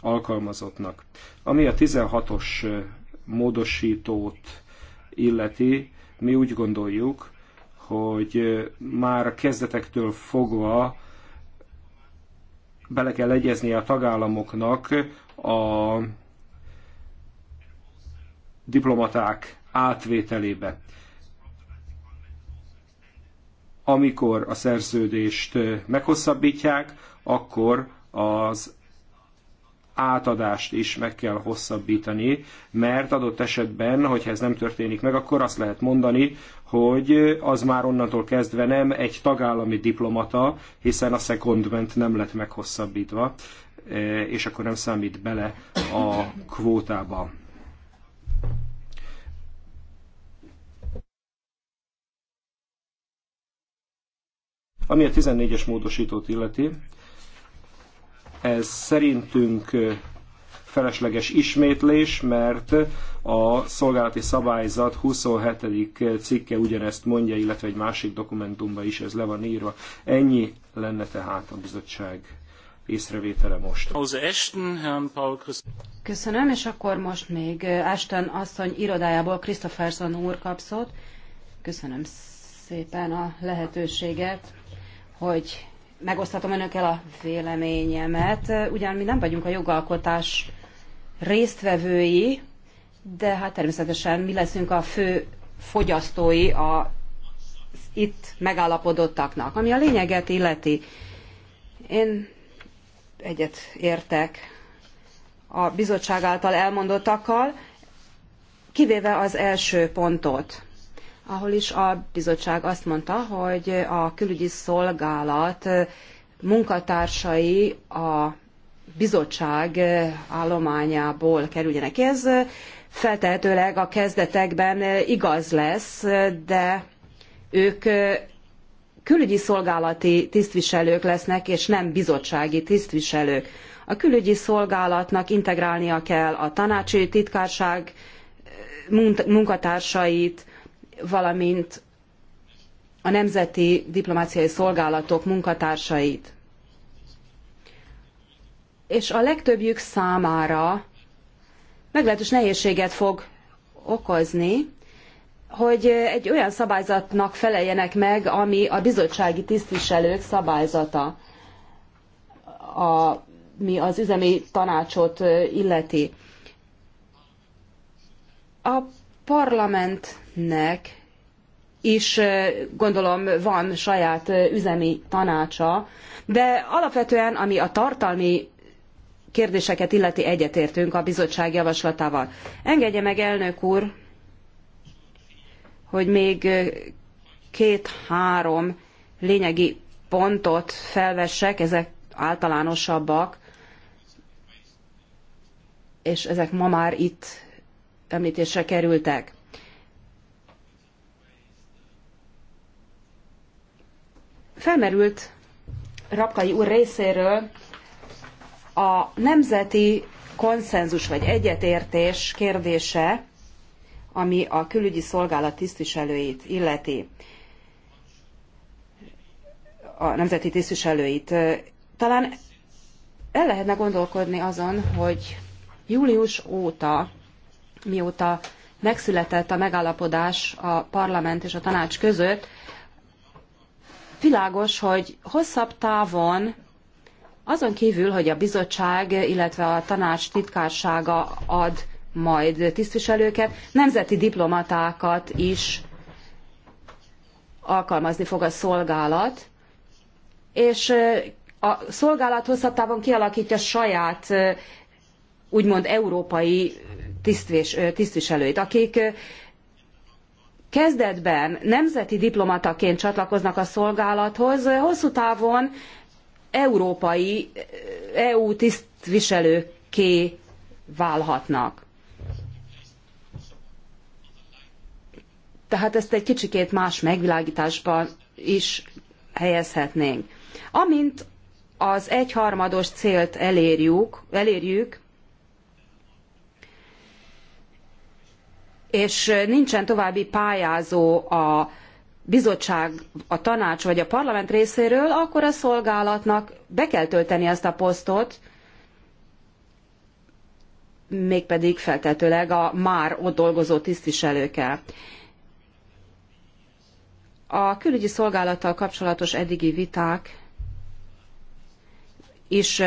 alkalmazottnak. Ami a 16-os eh, módosítót illeti, mi úgy gondoljuk, hogy már kezdetektől fogva bele kell egyezni a tagállamoknak a diplomaták átvételébe. Amikor a szerződést meghosszabbítják, akkor az átadást is meg kell hosszabbítani, mert adott esetben, hogyha ez nem történik meg, akkor azt lehet mondani, hogy az már onnantól kezdve nem egy tagállami diplomata, hiszen a secondment nem lett meghosszabbítva. E, és akkor nem számít bele a kvótába. Ami a 14-es módosítót illeti, ez szerintünk felesleges ismétlés, mert a szolgálati szabályzat 27. cikke ugyanezt mondja, illetve egy másik dokumentumban is ez le van írva. Ennyi lenne tehát a bizottság észrevétele most. Köszönöm, és akkor most még Ashton asszony irodájából Christopherson úr kapszott. Köszönöm szépen a lehetőséget, hogy megosztatom önökkel a véleményemet. Ugyan mi nem vagyunk a jogalkotás résztvevői, de hát természetesen mi leszünk a fő fogyasztói a itt megállapodottaknak. Ami a lényeget illeti, én egyet értek a bizottság által elmondottakkal, kivéve az első pontot, ahol is a bizottság azt mondta, hogy a külügyi szolgálat munkatársai a bizottság állományából kerüljenek. Ez feltehetőleg a kezdetekben igaz lesz, de ők külügyi szolgálati tisztviselők lesznek, és nem bizottsági tisztviselők. A külügyi szolgálatnak integrálnia kell a tanácsi titkárság eh, munkatársait, valamint a nemzeti diplomáciai szolgálatok munkatársait. És a legtöbbjük számára meglehetős nehézséget fog okozni, hogy egy olyan szabályzatnak feleljenek meg, ami a bizottsági tisztviselők szabályzata, ami az üzemi tanácsot illeti. A parlamentnek is gondolom van saját üzemi tanácsa, de alapvetően ami a tartalmi kérdéseket illeti egyetértünk a bizottság javaslatával. Engedje meg, elnök úr, hogy még két-három lényegi pontot felvessek, ezek általánosabbak, és ezek ma már itt említésre kerültek. Felmerült Rapkai úr részéről a nemzeti konszenzus vagy egyetértés kérdése, ami a külügyi szolgálat tisztviselőit illeti, a nemzeti tisztviselőit. Talán el lehetne gondolkodni azon, hogy július óta, mióta megszületett a megállapodás a parlament és a tanács között, világos, hogy hosszabb távon azon kívül, hogy a bizottság, illetve a tanács titkársága ad majd tisztviselőket, nemzeti diplomatákat is alkalmazni fog a szolgálat, és a szolgálat hosszabb távon kialakítja saját úgymond európai tisztvés, tisztviselőit, akik kezdetben nemzeti diplomataként csatlakoznak a szolgálathoz, hosszú távon európai EU tisztviselőké válhatnak. Tehát ezt egy kicsikét más megvilágításban is helyezhetnénk. Amint az egyharmados célt elérjük, elérjük és nincsen további pályázó a bizottság, a tanács vagy a parlament részéről, akkor a szolgálatnak be kell tölteni ezt a posztot, mégpedig feltetőleg a már ott dolgozó tisztviselőkkel. A külügyi szolgálattal kapcsolatos eddigi viták is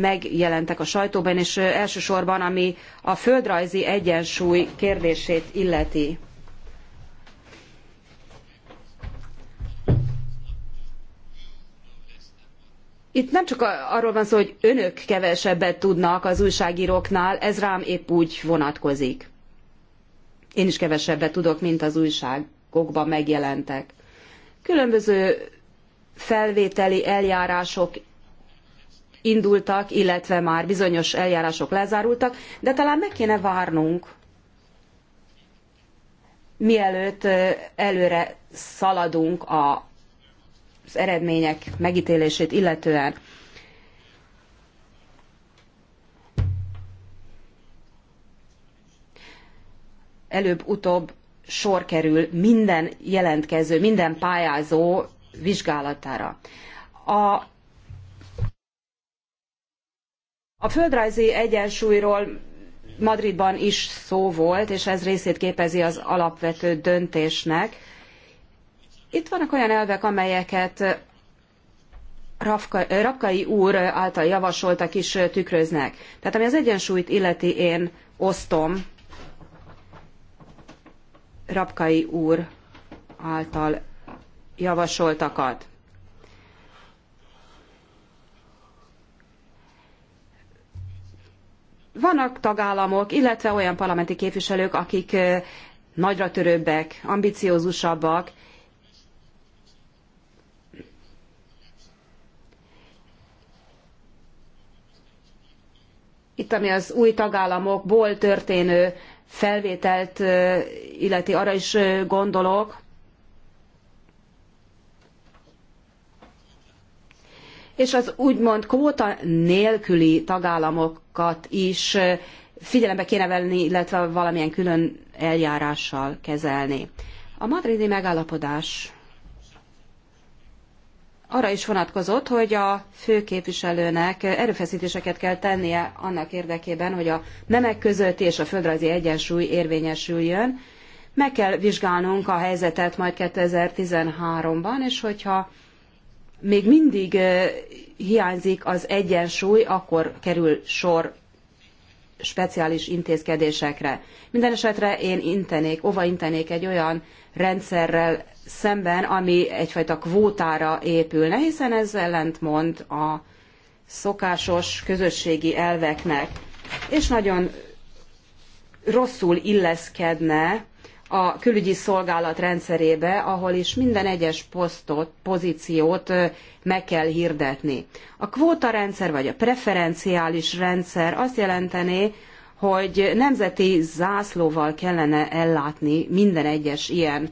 megjelentek a sajtóban, és elsősorban ami a földrajzi egyensúly kérdését illeti. Itt nem csak arról van szó, hogy önök kevesebbet tudnak az újságíróknál, ez rám épp úgy vonatkozik. Én is kevesebbet tudok, mint az újság újságokban megjelentek. Különböző felvételi eljárások indultak, illetve már bizonyos eljárások lezárultak, de talán meg kéne várnunk, mielőtt előre szaladunk a az eredmények megítélését illetően. Előbb-utóbb sor kerül minden jelentkező, minden pályázó vizsgálatára. A a földrajzi egyensúlyról Madridban is szó volt, és ez részét képezi az alapvető döntésnek. Itt vannak olyan elvek, amelyeket Rafka, Rapkai úr által javasoltak is tükröznek. Tehát ami az egyensúlyt illeti, én osztom Rapkai úr által javasoltakat. Vannak tagállamok, illetve olyan parlamenti képviselők, akik nagyra törőbbek, ambiciózusabbak, itt ami az új tagállamokból történő felvételt illeti, arra is gondolok, és az úgymond kvóta nélküli tagállamokat is figyelembe kéne venni, illetve valamilyen külön eljárással kezelni. A madridi megállapodás arra is vonatkozott, hogy a főképviselőnek erőfeszítéseket kell tennie annak érdekében, hogy a nemek közötti és a földrajzi egyensúly érvényesüljön. Meg kell vizsgálnunk a helyzetet majd 2013-ban, és hogyha még mindig hiányzik az egyensúly, akkor kerül sor speciális intézkedésekre. Minden esetre én intenék, ova intenék egy olyan rendszerrel szemben, ami egyfajta kvótára épülne, hiszen ez ellentmond a szokásos közösségi elveknek, és nagyon rosszul illeszkedne a külügyi szolgálat rendszerébe, ahol is minden egyes posztot, pozíciót meg kell hirdetni. A kvótarendszer vagy a preferenciális rendszer azt jelentené, hogy nemzeti zászlóval kellene ellátni minden egyes ilyen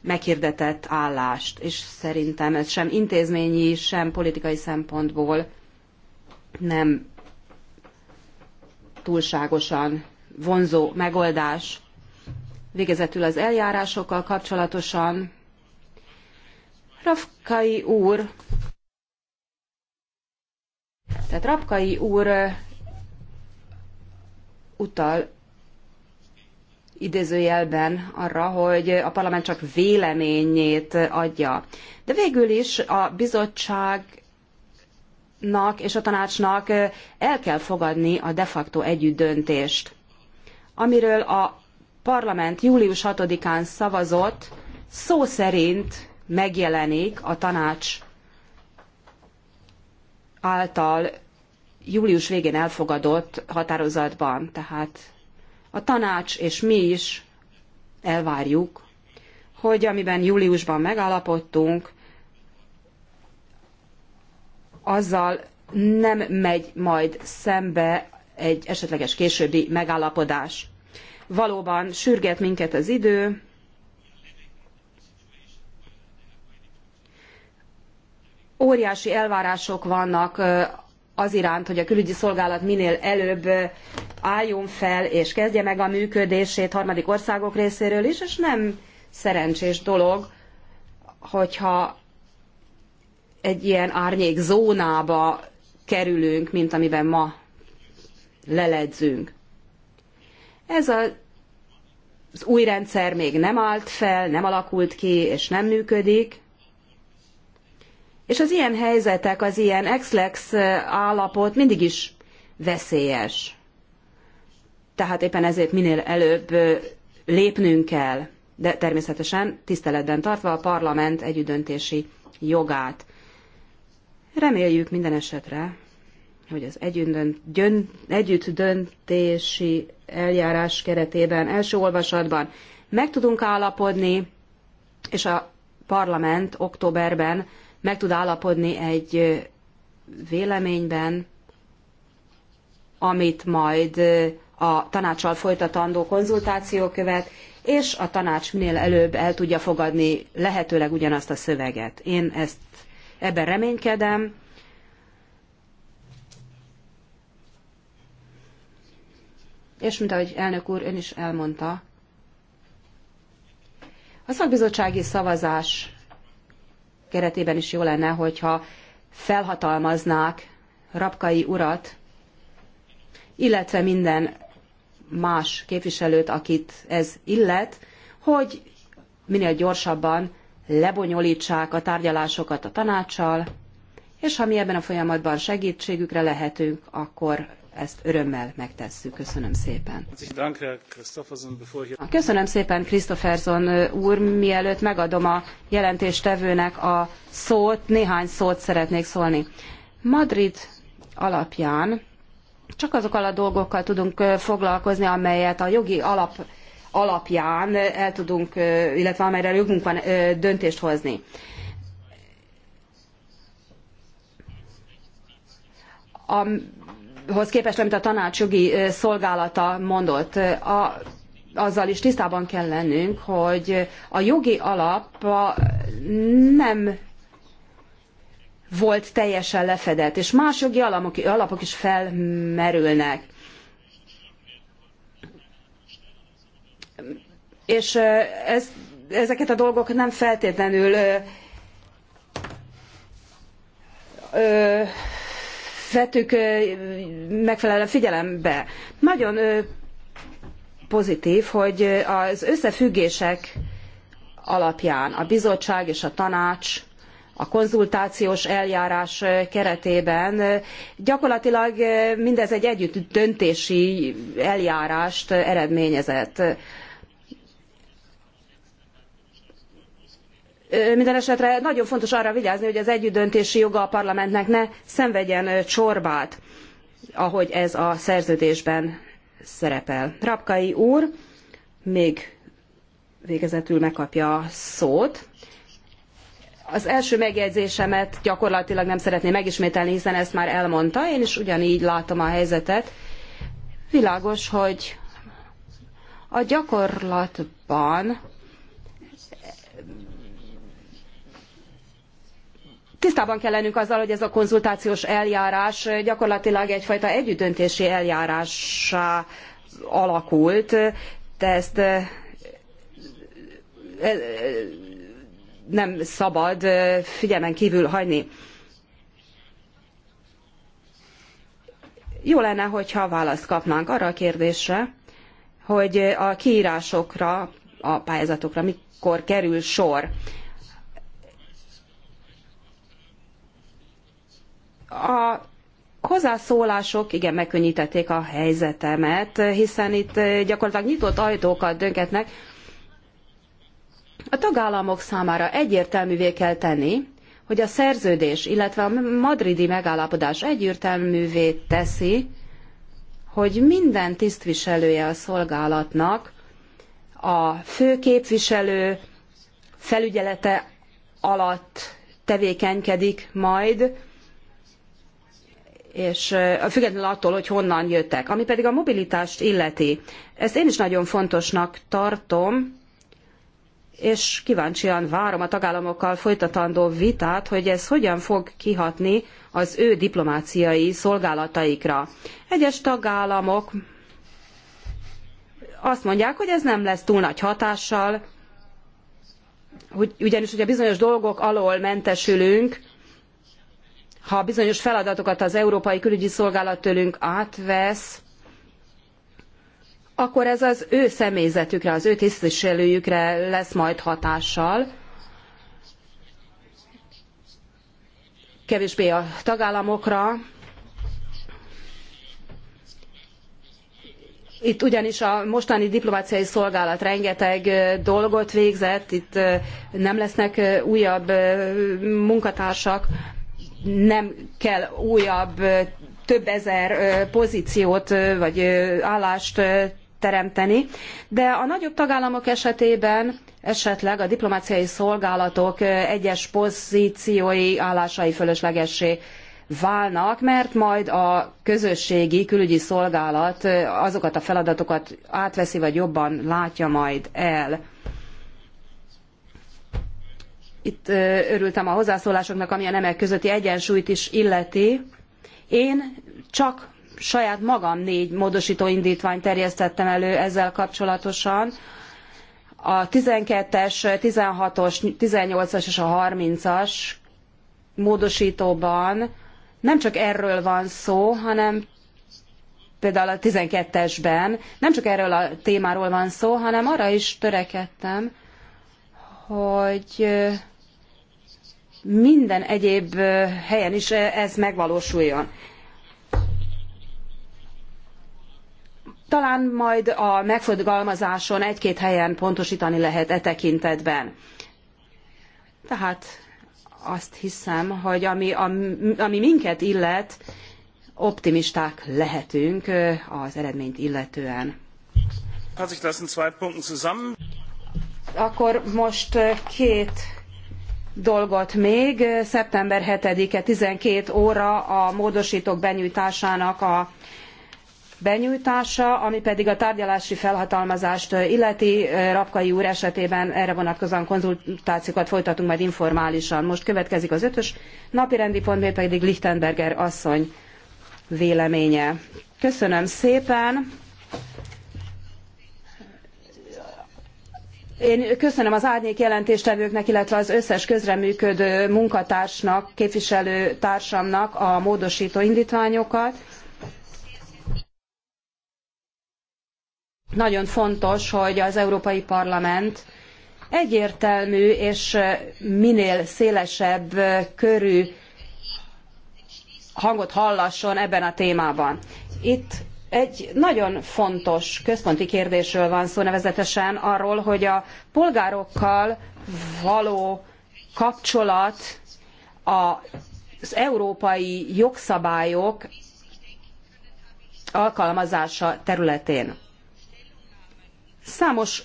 meghirdetett állást, és szerintem ez sem intézményi, sem politikai szempontból nem túlságosan vonzó megoldás. Végezetül az eljárásokkal kapcsolatosan. Rafkai úr, tehát Rafkai úr utal idézőjelben arra, hogy a parlament csak véleményét adja. De végül is a bizottságnak és a tanácsnak el kell fogadni a de facto együttdöntést, amiről a parlament július 6-án szavazott, szó szerint megjelenik a tanács által július végén elfogadott határozatban. Tehát a tanács és mi is elvárjuk, hogy amiben júliusban megállapodtunk, azzal nem megy majd szembe egy esetleges későbbi megállapodás. Valóban sürget minket az idő. Óriási elvárások vannak az iránt, hogy a külügyi szolgálat minél előbb álljon fel és kezdje meg a működését harmadik országok részéről is, és nem szerencsés dolog, hogyha egy ilyen árnyék zónába kerülünk, mint amiben ma leledzünk. Ez a, az új rendszer még nem állt fel, nem alakult ki, és nem működik. És az ilyen helyzetek, az ilyen exlex állapot mindig is veszélyes. Tehát éppen ezért minél előbb lépnünk kell, de természetesen tiszteletben tartva a parlament együttdöntési jogát. Reméljük minden esetre, hogy az együttdöntési eljárás keretében első olvasatban meg tudunk állapodni, és a parlament októberben meg tud állapodni egy véleményben, amit majd a tanácssal folytatandó konzultáció követ, és a tanács minél előbb el tudja fogadni lehetőleg ugyanazt a szöveget. Én ezt ebben reménykedem, és mint ahogy elnök úr ön is elmondta, a szakbizottsági szavazás keretében is jó lenne, hogyha felhatalmaznák Rapkai urat, illetve minden más képviselőt, akit ez illet, hogy minél gyorsabban lebonyolítsák a tárgyalásokat a tanácssal, és ha mi ebben a folyamatban segítségükre lehetünk, akkor ezt örömmel megtesszük. Köszönöm szépen. Köszönöm szépen, Christopherson úr. Mielőtt megadom a jelentéstevőnek a szót, néhány szót szeretnék szólni. Madrid alapján csak azokkal a dolgokkal tudunk foglalkozni, amelyet a jogi alap alapján el tudunk, illetve amelyre jogunk van döntést hozni. A ahhoz képest, amit a tanácsjogi szolgálata mondott. A, azzal is tisztában kell lennünk, hogy a jogi alap nem volt teljesen lefedett, és más jogi alapok, alapok is felmerülnek. És ez, ezeket a dolgokat nem feltétlenül ö, ö, vettük megfelelően figyelembe. Nagyon pozitív, hogy az összefüggések alapján a bizottság és a tanács a konzultációs eljárás keretében gyakorlatilag mindez egy együtt döntési eljárást eredményezett. Mindenesetre nagyon fontos arra vigyázni, hogy az együttdöntési joga a parlamentnek ne szenvedjen csorbát, ahogy ez a szerződésben szerepel. Rapkai úr még végezetül megkapja a szót. Az első megjegyzésemet gyakorlatilag nem szeretném megismételni, hiszen ezt már elmondta, én is ugyanígy látom a helyzetet. Világos, hogy a gyakorlatban Tisztában kell lennünk azzal, hogy ez a konzultációs eljárás gyakorlatilag egyfajta együttdöntési eljárássá alakult, de ezt nem szabad figyelmen kívül hagyni. Jó lenne, hogyha választ kapnánk arra a kérdésre, hogy a kiírásokra, a pályázatokra mikor kerül sor. A hozzászólások igen megkönnyítették a helyzetemet, hiszen itt eh, gyakorlatilag nyitott ajtókat döngetnek. A tagállamok számára egyértelművé kell tenni, hogy a szerződés, illetve a madridi megállapodás egyértelművé teszi, hogy minden tisztviselője a szolgálatnak a fő képviselő felügyelete alatt tevékenykedik majd, és függetlenül attól, hogy honnan jöttek. Ami pedig a mobilitást illeti, ezt én is nagyon fontosnak tartom, és kíváncsian várom a tagállamokkal folytatandó vitát, hogy ez hogyan fog kihatni az ő diplomáciai szolgálataikra. Egyes tagállamok azt mondják, hogy ez nem lesz túl nagy hatással, hogy, ugyanis, hogyha bizonyos dolgok alól mentesülünk, ha bizonyos feladatokat az Európai Külügyi Szolgálat tőlünk átvesz, akkor ez az ő személyzetükre, az ő tisztviselőjükre lesz majd hatással. Kevésbé a tagállamokra. Itt ugyanis a mostani diplomáciai szolgálat rengeteg dolgot végzett, itt nem lesznek újabb munkatársak nem kell újabb több ezer pozíciót vagy állást teremteni, de a nagyobb tagállamok esetében esetleg a diplomáciai szolgálatok egyes pozíciói, állásai fölöslegessé válnak, mert majd a közösségi külügyi szolgálat azokat a feladatokat átveszi, vagy jobban látja majd el. Itt örültem a hozzászólásoknak, ami a nemek közötti egyensúlyt is illeti. Én csak saját magam négy módosító indítványt terjesztettem elő ezzel kapcsolatosan. A 12-es, 16-os, 18-as és a 30-as módosítóban nem csak erről van szó, hanem például a 12-esben nem csak erről a témáról van szó, hanem arra is törekedtem, hogy minden egyéb helyen is ez megvalósuljon. Talán majd a megfogalmazáson egy-két helyen pontosítani lehet e tekintetben. Tehát azt hiszem, hogy ami, ami minket illet, optimisták lehetünk az eredményt illetően. Akkor most két dolgot még. Szeptember 7-e 12 óra a módosítók benyújtásának a benyújtása, ami pedig a tárgyalási felhatalmazást illeti. Rapkai úr esetében erre vonatkozóan konzultációkat folytatunk majd informálisan. Most következik az ötös napirendi pont, pedig Lichtenberger asszony véleménye. Köszönöm szépen! Én köszönöm az árnyék jelentéstevőknek, illetve az összes közreműködő munkatársnak, képviselőtársamnak a módosító indítványokat. Nagyon fontos, hogy az Európai Parlament egyértelmű és minél szélesebb körű hangot hallasson ebben a témában. Itt egy nagyon fontos központi kérdésről van szó, nevezetesen arról, hogy a polgárokkal való kapcsolat az európai jogszabályok alkalmazása területén. Számos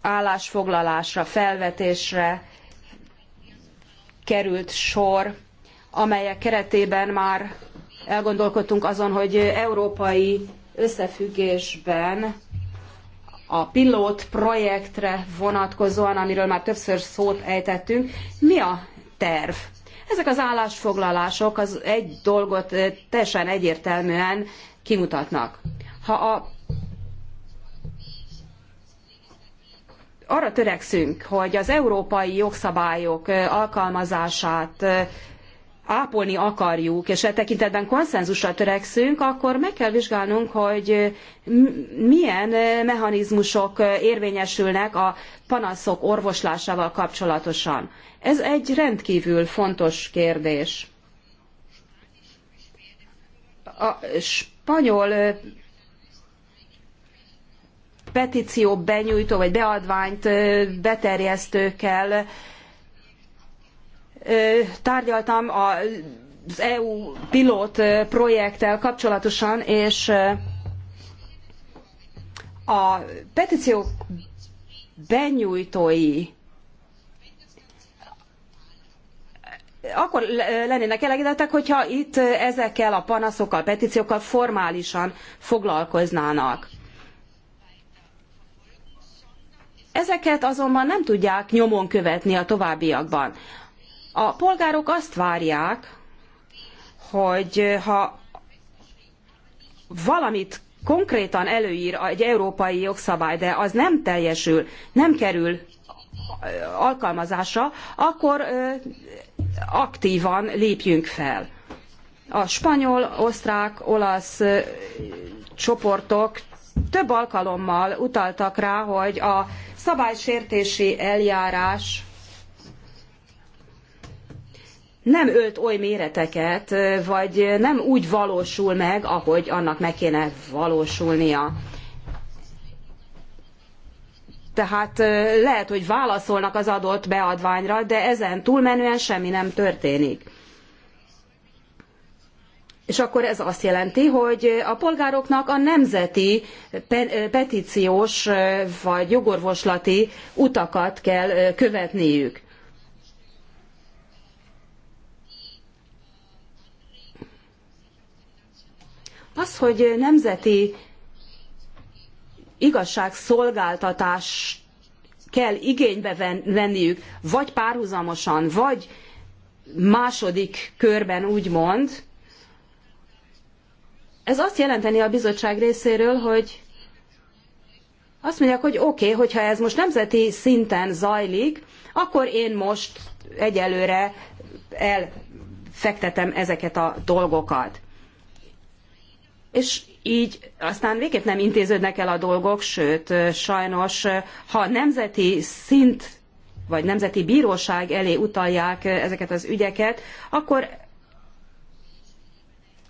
állásfoglalásra, felvetésre került sor, amelyek keretében már elgondolkodtunk azon, hogy európai összefüggésben a pilót projektre vonatkozóan, amiről már többször szót ejtettünk, mi a terv? Ezek az állásfoglalások az egy dolgot teljesen egyértelműen kimutatnak. Ha a arra törekszünk, hogy az európai jogszabályok alkalmazását ápolni akarjuk, és e tekintetben konszenzusra törekszünk, akkor meg kell vizsgálnunk, hogy milyen e, mechanizmusok e, érvényesülnek a panaszok orvoslásával kapcsolatosan. Ez egy rendkívül fontos kérdés. A spanyol e, petíció benyújtó vagy beadványt beterjesztőkkel tárgyaltam az EU pilot projekttel kapcsolatosan, és a petíciók benyújtói akkor lennének elégedettek, hogyha itt ezekkel a panaszokkal, petíciókkal formálisan foglalkoznának. Ezeket azonban nem tudják nyomon követni a továbbiakban. A polgárok azt várják, hogy ha valamit konkrétan előír egy európai jogszabály, de az nem teljesül, nem kerül alkalmazásra, akkor aktívan lépjünk fel. A spanyol, osztrák, olasz csoportok több alkalommal utaltak rá, hogy a szabálysértési eljárás nem ölt oly méreteket, vagy nem úgy valósul meg, ahogy annak meg kéne valósulnia. Tehát lehet, hogy válaszolnak az adott beadványra, de ezen túlmenően semmi nem történik. És akkor ez azt jelenti, hogy a polgároknak a nemzeti petíciós vagy jogorvoslati utakat kell követniük. Az, hogy nemzeti igazságszolgáltatást kell igénybe venniük, vagy párhuzamosan, vagy második körben úgymond, ez azt jelenteni a bizottság részéről, hogy azt mondják, hogy oké, okay, hogyha ez most nemzeti szinten zajlik, akkor én most egyelőre elfektetem ezeket a dolgokat és így aztán végképp nem intéződnek el a dolgok, sőt, sajnos, ha nemzeti szint vagy nemzeti bíróság elé utalják ezeket az ügyeket, akkor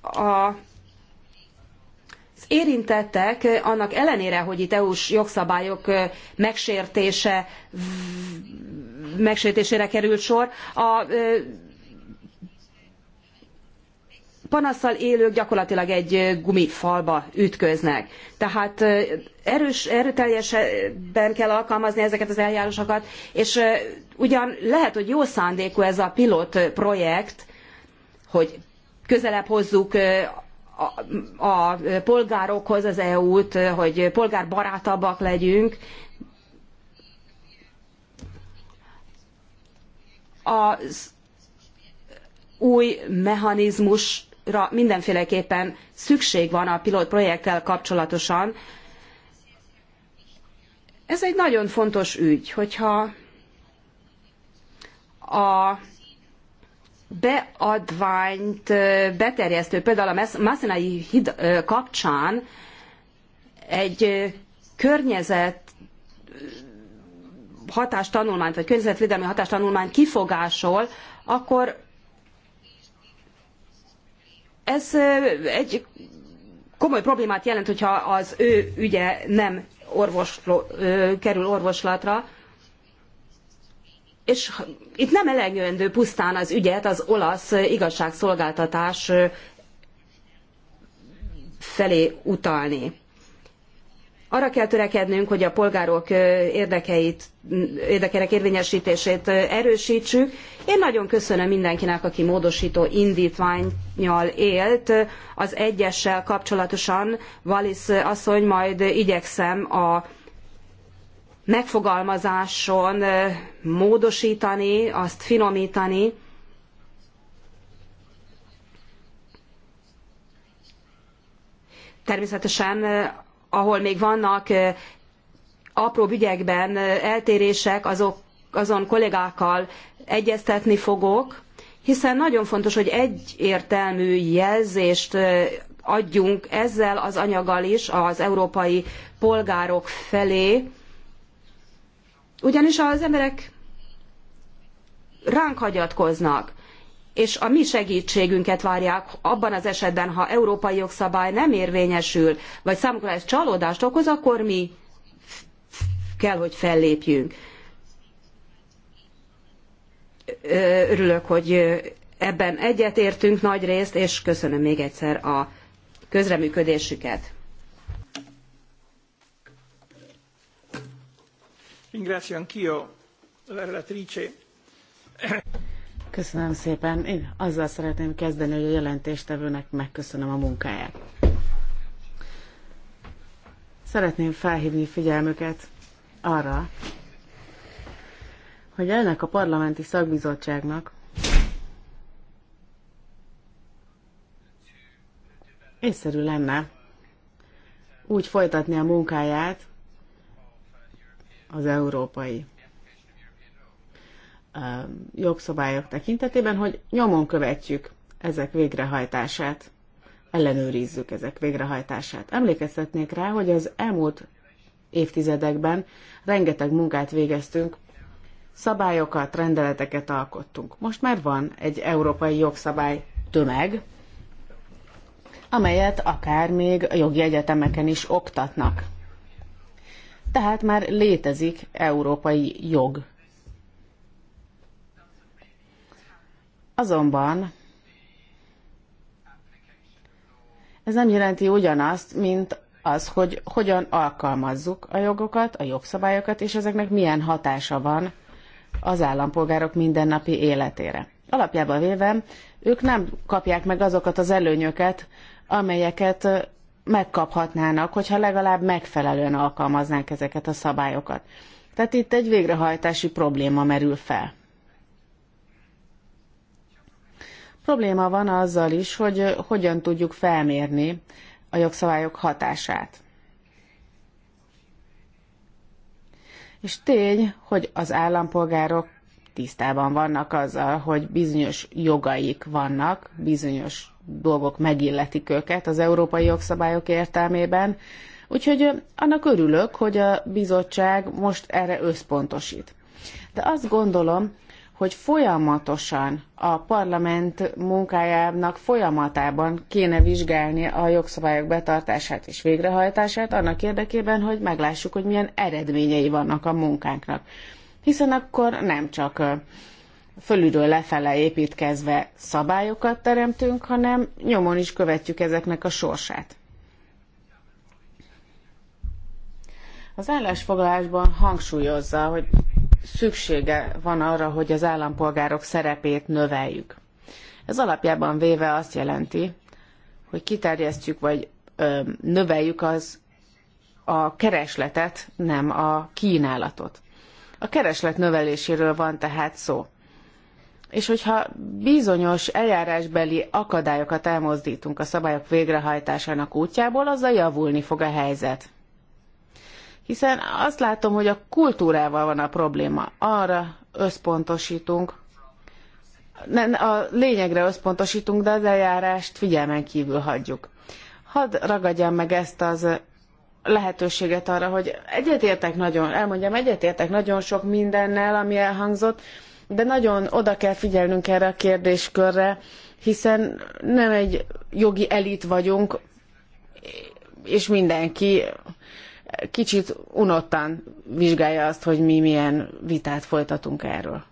a az érintettek annak ellenére, hogy itt EU-s jogszabályok megsértése, megsértésére került sor, a panaszsal élők gyakorlatilag egy gumifalba ütköznek. Tehát erős, erőteljesebben kell alkalmazni ezeket az eljárásokat, és ugyan lehet, hogy jó szándékú ez a pilot projekt, hogy közelebb hozzuk a, a polgárokhoz az EU-t, hogy polgárbarátabbak legyünk, az új mechanizmus ra mindenféleképpen szükség van a pilotprojekttel kapcsolatosan. Ez egy nagyon fontos ügy, hogyha a beadványt beterjesztő, például a Maszenai híd kapcsán egy környezet hatástanulmányt, vagy környezetvédelmi hatástanulmányt kifogásol, akkor ez egy komoly problémát jelent, hogyha az ő ügye nem orvosló, kerül orvoslatra, és itt nem elegendő pusztán az ügyet az olasz igazságszolgáltatás felé utalni. Arra kell törekednünk, hogy a polgárok érdekeit, érdekének érvényesítését erősítsük. Én nagyon köszönöm mindenkinek, aki módosító indítványjal élt az egyessel kapcsolatosan. Valisz asszony, majd igyekszem a megfogalmazáson módosítani, azt finomítani. Természetesen ahol még vannak apró ügyekben eltérések, azok, azon kollégákkal egyeztetni fogok, hiszen nagyon fontos, hogy egyértelmű jelzést adjunk ezzel az anyaggal is az európai polgárok felé, ugyanis az emberek ránk hagyatkoznak és a mi segítségünket várják abban az esetben, ha európai jogszabály nem érvényesül, vagy számukra ez csalódást okoz, akkor mi kell, hogy fellépjünk. Örülök, hogy ebben egyetértünk nagy részt, és köszönöm még egyszer a közreműködésüket. Ringrazio anch'io la relatrice. Köszönöm szépen. Én azzal szeretném kezdeni, hogy a jelentéstevőnek megköszönöm a munkáját. Szeretném felhívni figyelmüket arra, hogy ennek a parlamenti szakbizottságnak észszerű lenne úgy folytatni a munkáját az európai jogszabályok tekintetében, hogy nyomon követjük ezek végrehajtását, ellenőrizzük ezek végrehajtását. Emlékeztetnék rá, hogy az elmúlt évtizedekben rengeteg munkát végeztünk, szabályokat, rendeleteket alkottunk. Most már van egy európai jogszabály tömeg, amelyet akár még a jogi egyetemeken is oktatnak. Tehát már létezik európai jog Azonban ez nem jelenti ugyanazt, mint az, hogy hogyan alkalmazzuk a jogokat, a jogszabályokat, és ezeknek milyen hatása van az állampolgárok mindennapi életére. Alapjában véve ők nem kapják meg azokat az előnyöket, amelyeket megkaphatnának, hogyha legalább megfelelően alkalmaznánk ezeket a szabályokat. Tehát itt egy végrehajtási probléma merül fel. Probléma van azzal is, hogy hogyan tudjuk felmérni a jogszabályok hatását. És tény, hogy az állampolgárok tisztában vannak azzal, hogy bizonyos jogaik vannak, bizonyos dolgok megilletik őket az európai jogszabályok értelmében. Úgyhogy annak örülök, hogy a bizottság most erre összpontosít. De azt gondolom, hogy folyamatosan a parlament munkájának folyamatában kéne vizsgálni a jogszabályok betartását és végrehajtását annak érdekében, hogy meglássuk, hogy milyen eredményei vannak a munkánknak. Hiszen akkor nem csak fölülről lefele építkezve szabályokat teremtünk, hanem nyomon is követjük ezeknek a sorsát. Az állásfoglalásban hangsúlyozza, hogy szüksége van arra, hogy az állampolgárok szerepét növeljük. Ez alapjában véve azt jelenti, hogy kiterjesztjük vagy ö, növeljük az a keresletet, nem a kínálatot. A kereslet növeléséről van tehát szó. És hogyha bizonyos eljárásbeli akadályokat elmozdítunk a szabályok végrehajtásának útjából, azzal javulni fog a helyzet. Hiszen azt látom, hogy a kultúrával van a probléma. Arra összpontosítunk, nem, a lényegre összpontosítunk, de az eljárást figyelmen kívül hagyjuk. Hadd ragadjam meg ezt az lehetőséget arra, hogy egyetértek nagyon, elmondjam, egyetértek nagyon sok mindennel, ami elhangzott, de nagyon oda kell figyelnünk erre a kérdéskörre, hiszen nem egy jogi elit vagyunk, és mindenki kicsit unottan vizsgálja azt, hogy mi milyen vitát folytatunk erről.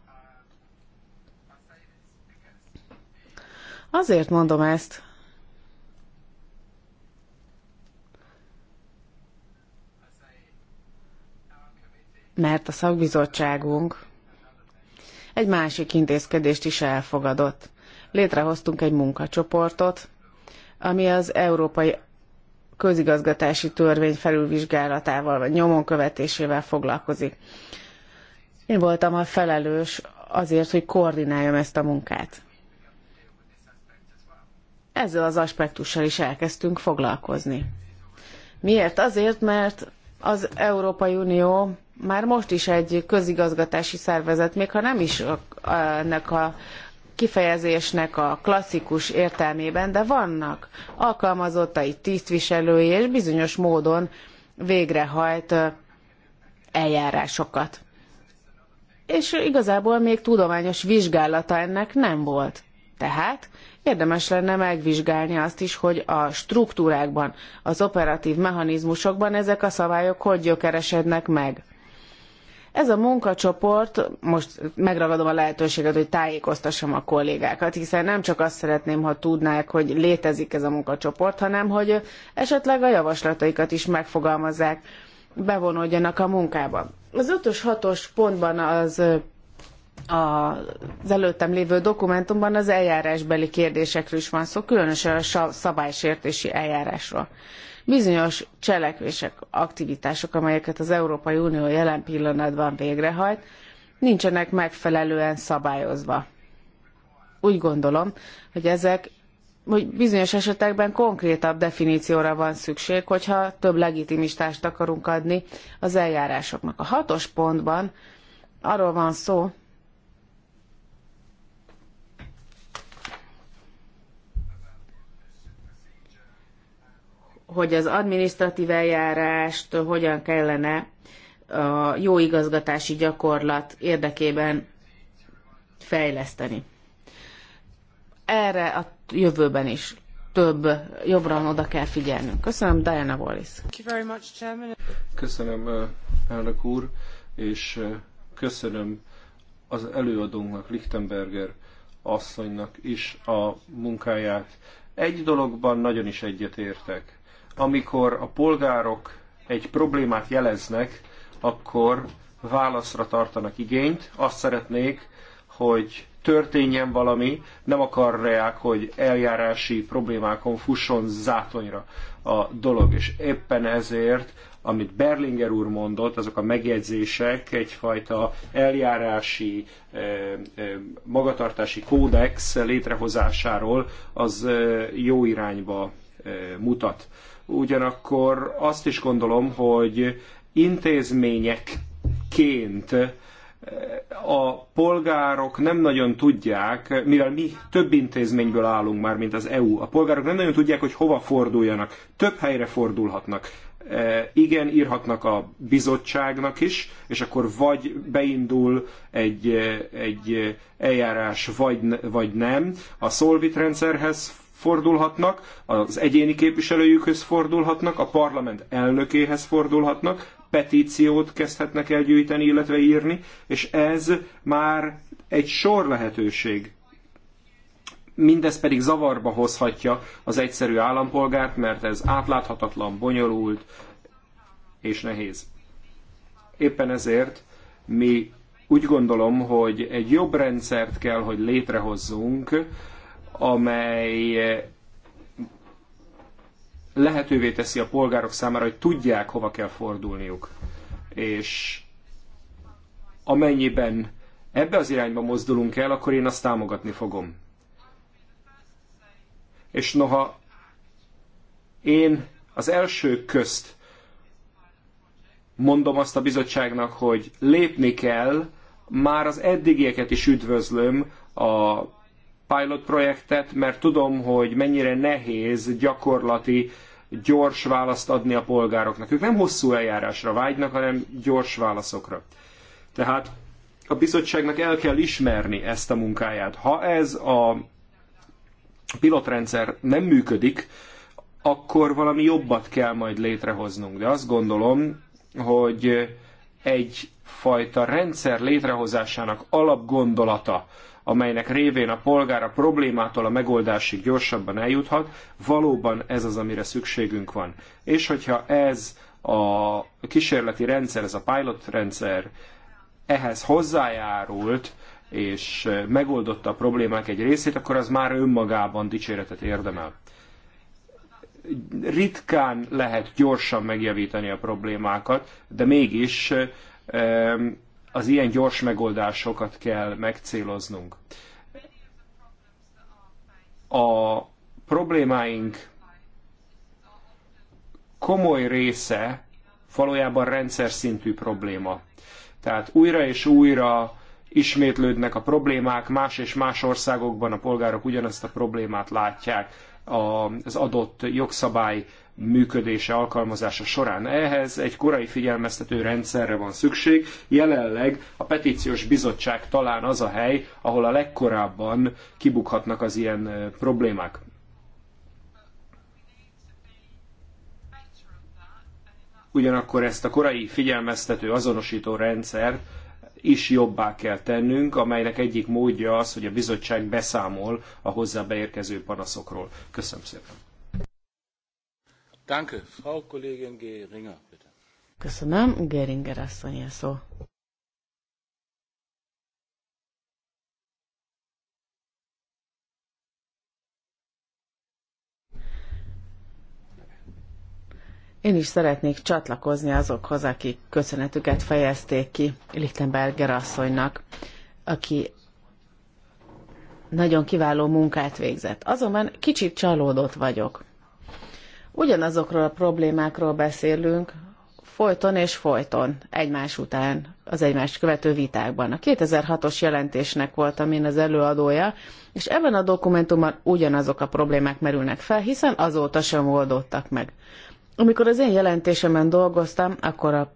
Azért mondom ezt, mert a szakbizottságunk egy másik intézkedést is elfogadott. Létrehoztunk egy munkacsoportot, ami az európai közigazgatási törvény felülvizsgálatával vagy nyomon követésével foglalkozik. Én voltam a felelős azért, hogy koordináljam ezt a munkát. Ezzel az aspektussal is elkezdtünk foglalkozni. Miért? Azért, mert az Európai Unió már most is egy közigazgatási szervezet, még ha nem is ennek a kifejezésnek a klasszikus értelmében, de vannak alkalmazottai, tisztviselői és bizonyos módon végrehajt eljárásokat. És igazából még tudományos vizsgálata ennek nem volt. Tehát érdemes lenne megvizsgálni azt is, hogy a struktúrákban, az operatív mechanizmusokban ezek a szabályok hogy gyökeresednek meg. Ez a munkacsoport, most megragadom a lehetőséget, hogy tájékoztassam a kollégákat, hiszen nem csak azt szeretném, ha tudnák, hogy létezik ez a munkacsoport, hanem hogy esetleg a javaslataikat is megfogalmazzák, bevonódjanak a munkába. Az 5 hatos 6-os pontban az az előttem lévő dokumentumban az eljárásbeli kérdésekről is van szó, különösen a szabálysértési eljárásról bizonyos cselekvések, aktivitások, amelyeket az Európai Unió jelen pillanatban végrehajt, nincsenek megfelelően szabályozva. Úgy gondolom, hogy ezek hogy bizonyos esetekben konkrétabb definícióra van szükség, hogyha több legitimistást akarunk adni az eljárásoknak. A hatos pontban arról van szó, hogy az adminisztratív eljárást hogyan kellene a jó igazgatási gyakorlat érdekében fejleszteni. Erre a jövőben is több, jobbra oda kell figyelnünk. Köszönöm, Diana Wallis. Köszönöm, elnök úr, és köszönöm az előadónknak, Lichtenberger asszonynak is a munkáját. Egy dologban nagyon is egyetértek amikor a polgárok egy problémát jeleznek, akkor válaszra tartanak igényt, azt szeretnék, hogy történjen valami, nem akarják, hogy eljárási problémákon fusson zátonyra a dolog, és éppen ezért, amit Berlinger úr mondott, azok a megjegyzések egyfajta eljárási, eh, eh, magatartási kódex létrehozásáról, az eh, jó irányba mutat ugyanakkor azt is gondolom, hogy intézményekként eh, a polgárok nem nagyon tudják, mivel mi több intézményből állunk már, mint az EU, a polgárok nem nagyon tudják, hogy hova forduljanak, több helyre fordulhatnak. Eh, igen, írhatnak a bizottságnak is, és akkor vagy beindul egy, eh, egy eljárás, vagy, vagy nem. A Solvit rendszerhez fordulhatnak, az egyéni képviselőjükhöz fordulhatnak, a parlament elnökéhez fordulhatnak, petíciót kezdhetnek el gyűjteni, illetve írni, és ez már egy sor lehetőség. Mindez pedig zavarba hozhatja az egyszerű állampolgárt, mert ez átláthatatlan, bonyolult és nehéz. Éppen ezért mi úgy gondolom, hogy egy jobb rendszert kell, hogy létrehozzunk, amely eh, lehetővé teszi a polgárok számára, hogy tudják, hova kell fordulniuk. És amennyiben ebbe az irányba mozdulunk el, akkor én azt támogatni fogom. És noha én az első közt mondom azt a bizottságnak, hogy lépni kell, már az eddigieket is üdvözlöm a pilot projektet, mert tudom, hogy mennyire nehéz gyakorlati, gyors választ adni a polgároknak. Ők nem hosszú eljárásra vágynak, hanem gyors válaszokra. Tehát a bizottságnak el kell ismerni ezt a munkáját. Ha ez a pilotrendszer nem működik, akkor valami jobbat kell majd létrehoznunk. De azt gondolom, hogy egyfajta rendszer létrehozásának alapgondolata amelynek révén a polgár a problémától a megoldásig gyorsabban eljuthat, valóban ez az, amire szükségünk van. És hogyha ez a kísérleti rendszer, ez a pilot rendszer ehhez hozzájárult, és megoldotta a problémák egy részét, akkor az már önmagában dicséretet érdemel. Ritkán lehet gyorsan megjavítani a problémákat, de mégis az ilyen gyors megoldásokat kell megcéloznunk. A problémáink komoly része valójában rendszer szintű probléma. Tehát újra és újra ismétlődnek a problémák, más és más országokban a polgárok ugyanazt a problémát látják, az adott jogszabály működése, alkalmazása során. Ehhez egy korai figyelmeztető rendszerre van szükség. Jelenleg a petíciós bizottság talán az a hely, ahol a legkorábban kibukhatnak az ilyen problémák. Ugyanakkor ezt a korai figyelmeztető azonosító rendszert is jobbá kell tennünk, amelynek egyik módja az, hogy a bizottság beszámol a hozzá beérkező panaszokról. Köszönöm szépen! Danke, Frau Kollegin Geringer, bitte. Köszönöm, Geringer asszony szó. Én is szeretnék csatlakozni azokhoz, akik köszönetüket fejezték ki Lichtenberger asszonynak, aki nagyon kiváló munkát végzett. Azonban kicsit csalódott vagyok. Ugyanazokról a problémákról beszélünk folyton és folyton, egymás után, az egymást követő vitákban. A 2006-os jelentésnek voltam én az előadója, és ebben a dokumentumban ugyanazok a problémák merülnek fel, hiszen azóta sem oldottak meg. Amikor az én jelentésemen dolgoztam, akkor a,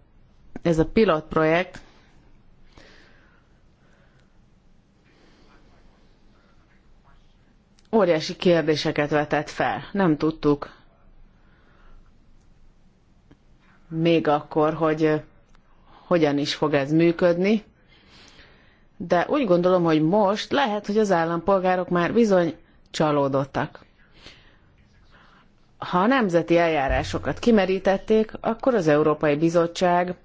ez a projekt, óriási kérdéseket vetett fel. Nem tudtuk még akkor, hogy eh, hogyan is fog ez működni. De úgy gondolom, hogy most lehet, hogy az állampolgárok már bizony csalódottak. Ha a nemzeti eljárásokat kimerítették, akkor az Európai Bizottság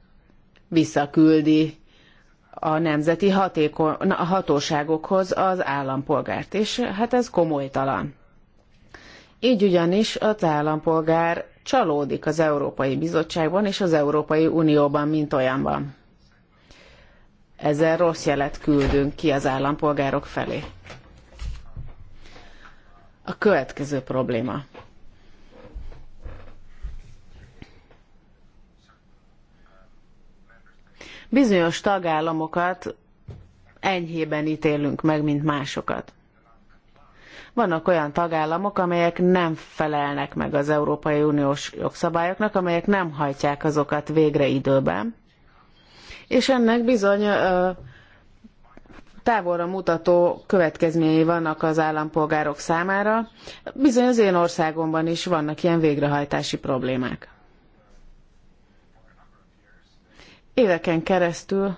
visszaküldi a nemzeti hatéko- a hatóságokhoz az állampolgárt, és hát ez komolytalan. Így ugyanis az állampolgár csalódik az Európai Bizottságban és az Európai Unióban, mint olyanban. Ezzel rossz jelet küldünk ki az állampolgárok felé. A következő probléma. Bizonyos tagállamokat enyhében ítélünk meg, mint másokat. Vannak olyan tagállamok, amelyek nem felelnek meg az Európai Uniós jogszabályoknak, amelyek nem hajtják azokat végre időben. És ennek bizony távolra mutató következményei vannak az állampolgárok számára. Bizony az én országomban is vannak ilyen végrehajtási problémák. Éveken keresztül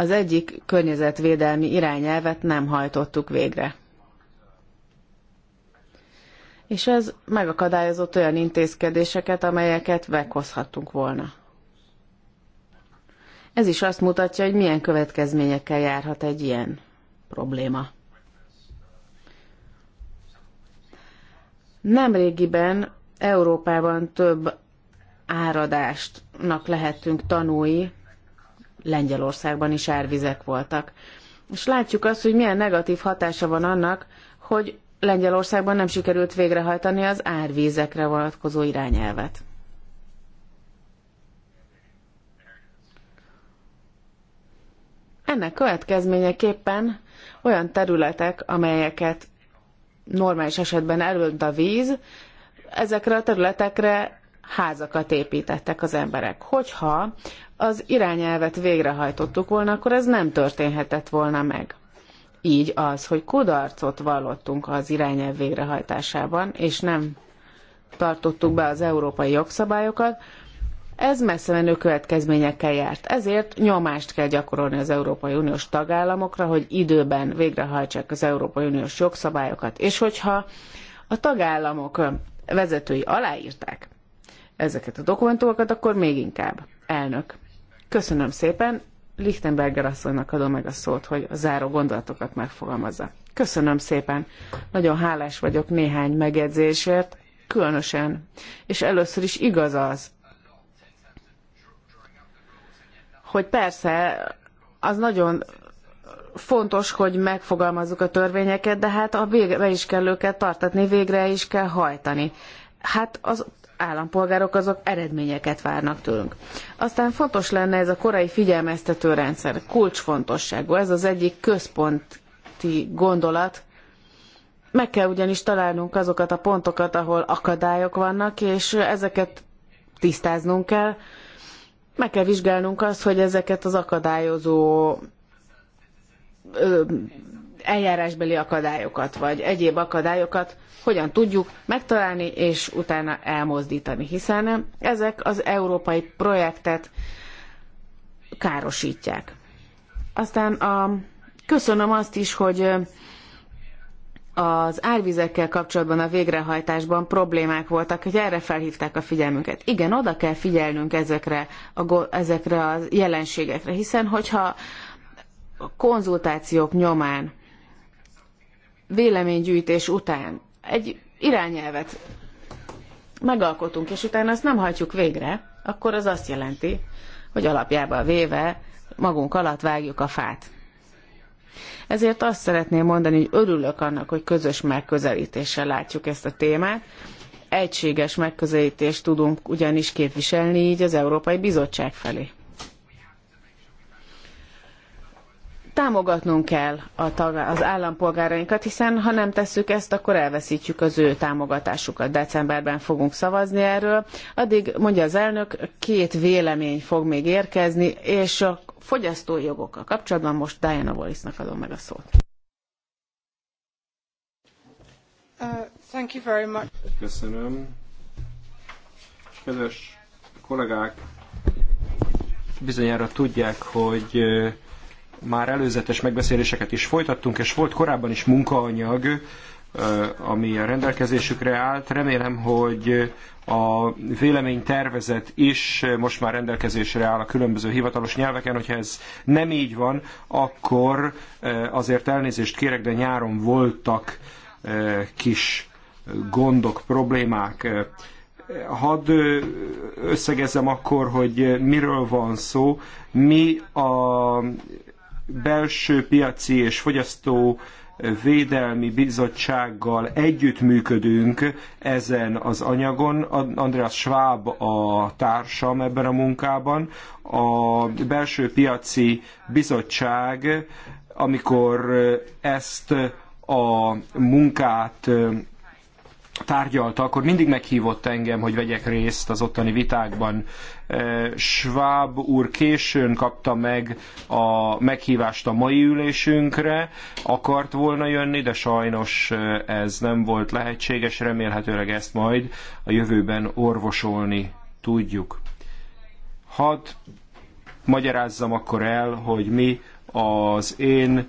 Az egyik környezetvédelmi irányelvet nem hajtottuk végre. És ez megakadályozott olyan intézkedéseket, amelyeket meghozhattunk volna. Ez is azt mutatja, hogy milyen következményekkel járhat egy ilyen probléma. Nemrégiben Európában több áradástnak lehetünk tanúi Lengyelországban is árvizek voltak. És látjuk azt, hogy milyen negatív hatása van annak, hogy Lengyelországban nem sikerült végrehajtani az árvízekre vonatkozó irányelvet. Ennek következményeképpen olyan területek, amelyeket normális esetben elönt a víz, ezekre a területekre házakat építettek az emberek. Hogyha az irányelvet végrehajtottuk volna, akkor ez nem történhetett volna meg. Így az, hogy kudarcot vallottunk az irányelv végrehajtásában, és nem tartottuk be az európai jogszabályokat, ez messze menő következményekkel járt. Ezért nyomást kell gyakorolni az Európai Uniós tagállamokra, hogy időben végrehajtsák az Európai Uniós jogszabályokat. És hogyha a tagállamok vezetői aláírták, ezeket a dokumentumokat, akkor még inkább. Elnök. Köszönöm szépen. Lichtenberger asszonynak adom meg a szót, hogy a záró gondolatokat megfogalmazza. Köszönöm szépen. Nagyon hálás vagyok néhány megjegyzésért, különösen. És először is igaz az, hogy persze az nagyon fontos, hogy megfogalmazzuk a törvényeket, de hát a végre is kell őket tartatni, végre is kell hajtani. Hát az állampolgárok azok eredményeket várnak tőlünk. Aztán fontos lenne ez a korai figyelmeztető rendszer, kulcsfontosságú. Ez az egyik központi gondolat. Meg kell ugyanis találnunk azokat a pontokat, ahol akadályok vannak, és ezeket tisztáznunk kell. Meg kell vizsgálnunk azt, hogy ezeket az akadályozó eljárásbeli akadályokat, vagy egyéb akadályokat hogyan tudjuk megtalálni és utána elmozdítani, hiszen ezek az európai projektet károsítják. Aztán a, köszönöm azt is, hogy az árvizekkel kapcsolatban a végrehajtásban problémák voltak, hogy erre felhívták a figyelmünket. Igen, oda kell figyelnünk ezekre a, ezekre a jelenségekre, hiszen hogyha a konzultációk nyomán véleménygyűjtés után egy irányelvet megalkotunk, és utána azt nem hajtjuk végre, akkor az azt jelenti, hogy alapjában véve magunk alatt vágjuk a fát. Ezért azt szeretném mondani, hogy örülök annak, hogy közös megközelítéssel látjuk ezt a témát. Egységes megközelítést tudunk ugyanis képviselni így az Európai Bizottság felé. támogatnunk kell a tag, az állampolgárainkat, hiszen ha nem tesszük ezt, akkor elveszítjük az ő támogatásukat. Decemberben fogunk szavazni erről. Addig, mondja az elnök, két vélemény fog még érkezni, és a fogyasztói jogokkal kapcsolatban most Diana Wallace-nak adom meg a szót. Uh, Köszönöm. Kedves kollégák, bizonyára tudják, hogy uh, már előzetes megbeszéléseket is folytattunk, és volt korábban is munkaanyag, ami a rendelkezésükre állt. Remélem, hogy a véleménytervezet is most már rendelkezésre áll a különböző hivatalos nyelveken, hogyha ez nem így van, akkor azért elnézést kérek, de nyáron voltak kis gondok, problémák. Hadd összegezzem akkor, hogy miről van szó. Mi a belső piaci és fogyasztó védelmi bizottsággal együttműködünk ezen az anyagon. Andreas Schwab a társam ebben a munkában. A belső piaci bizottság, amikor ezt a munkát tárgyalta, akkor mindig meghívott engem, hogy vegyek részt az ottani vitákban. Schwab úr későn kapta meg a meghívást a mai ülésünkre, akart volna jönni, de sajnos ez nem volt lehetséges, remélhetőleg ezt majd a jövőben orvosolni tudjuk. Hadd magyarázzam akkor el, hogy mi az én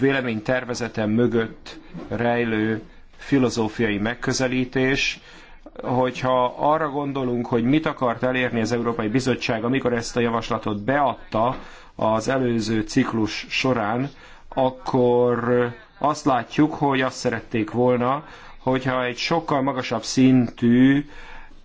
véleménytervezetem mögött rejlő filozófiai megközelítés, hogyha arra gondolunk, hogy mit akart elérni az Európai Bizottság, amikor ezt a javaslatot beadta az előző ciklus során, akkor azt látjuk, hogy azt szerették volna, hogyha egy sokkal magasabb szintű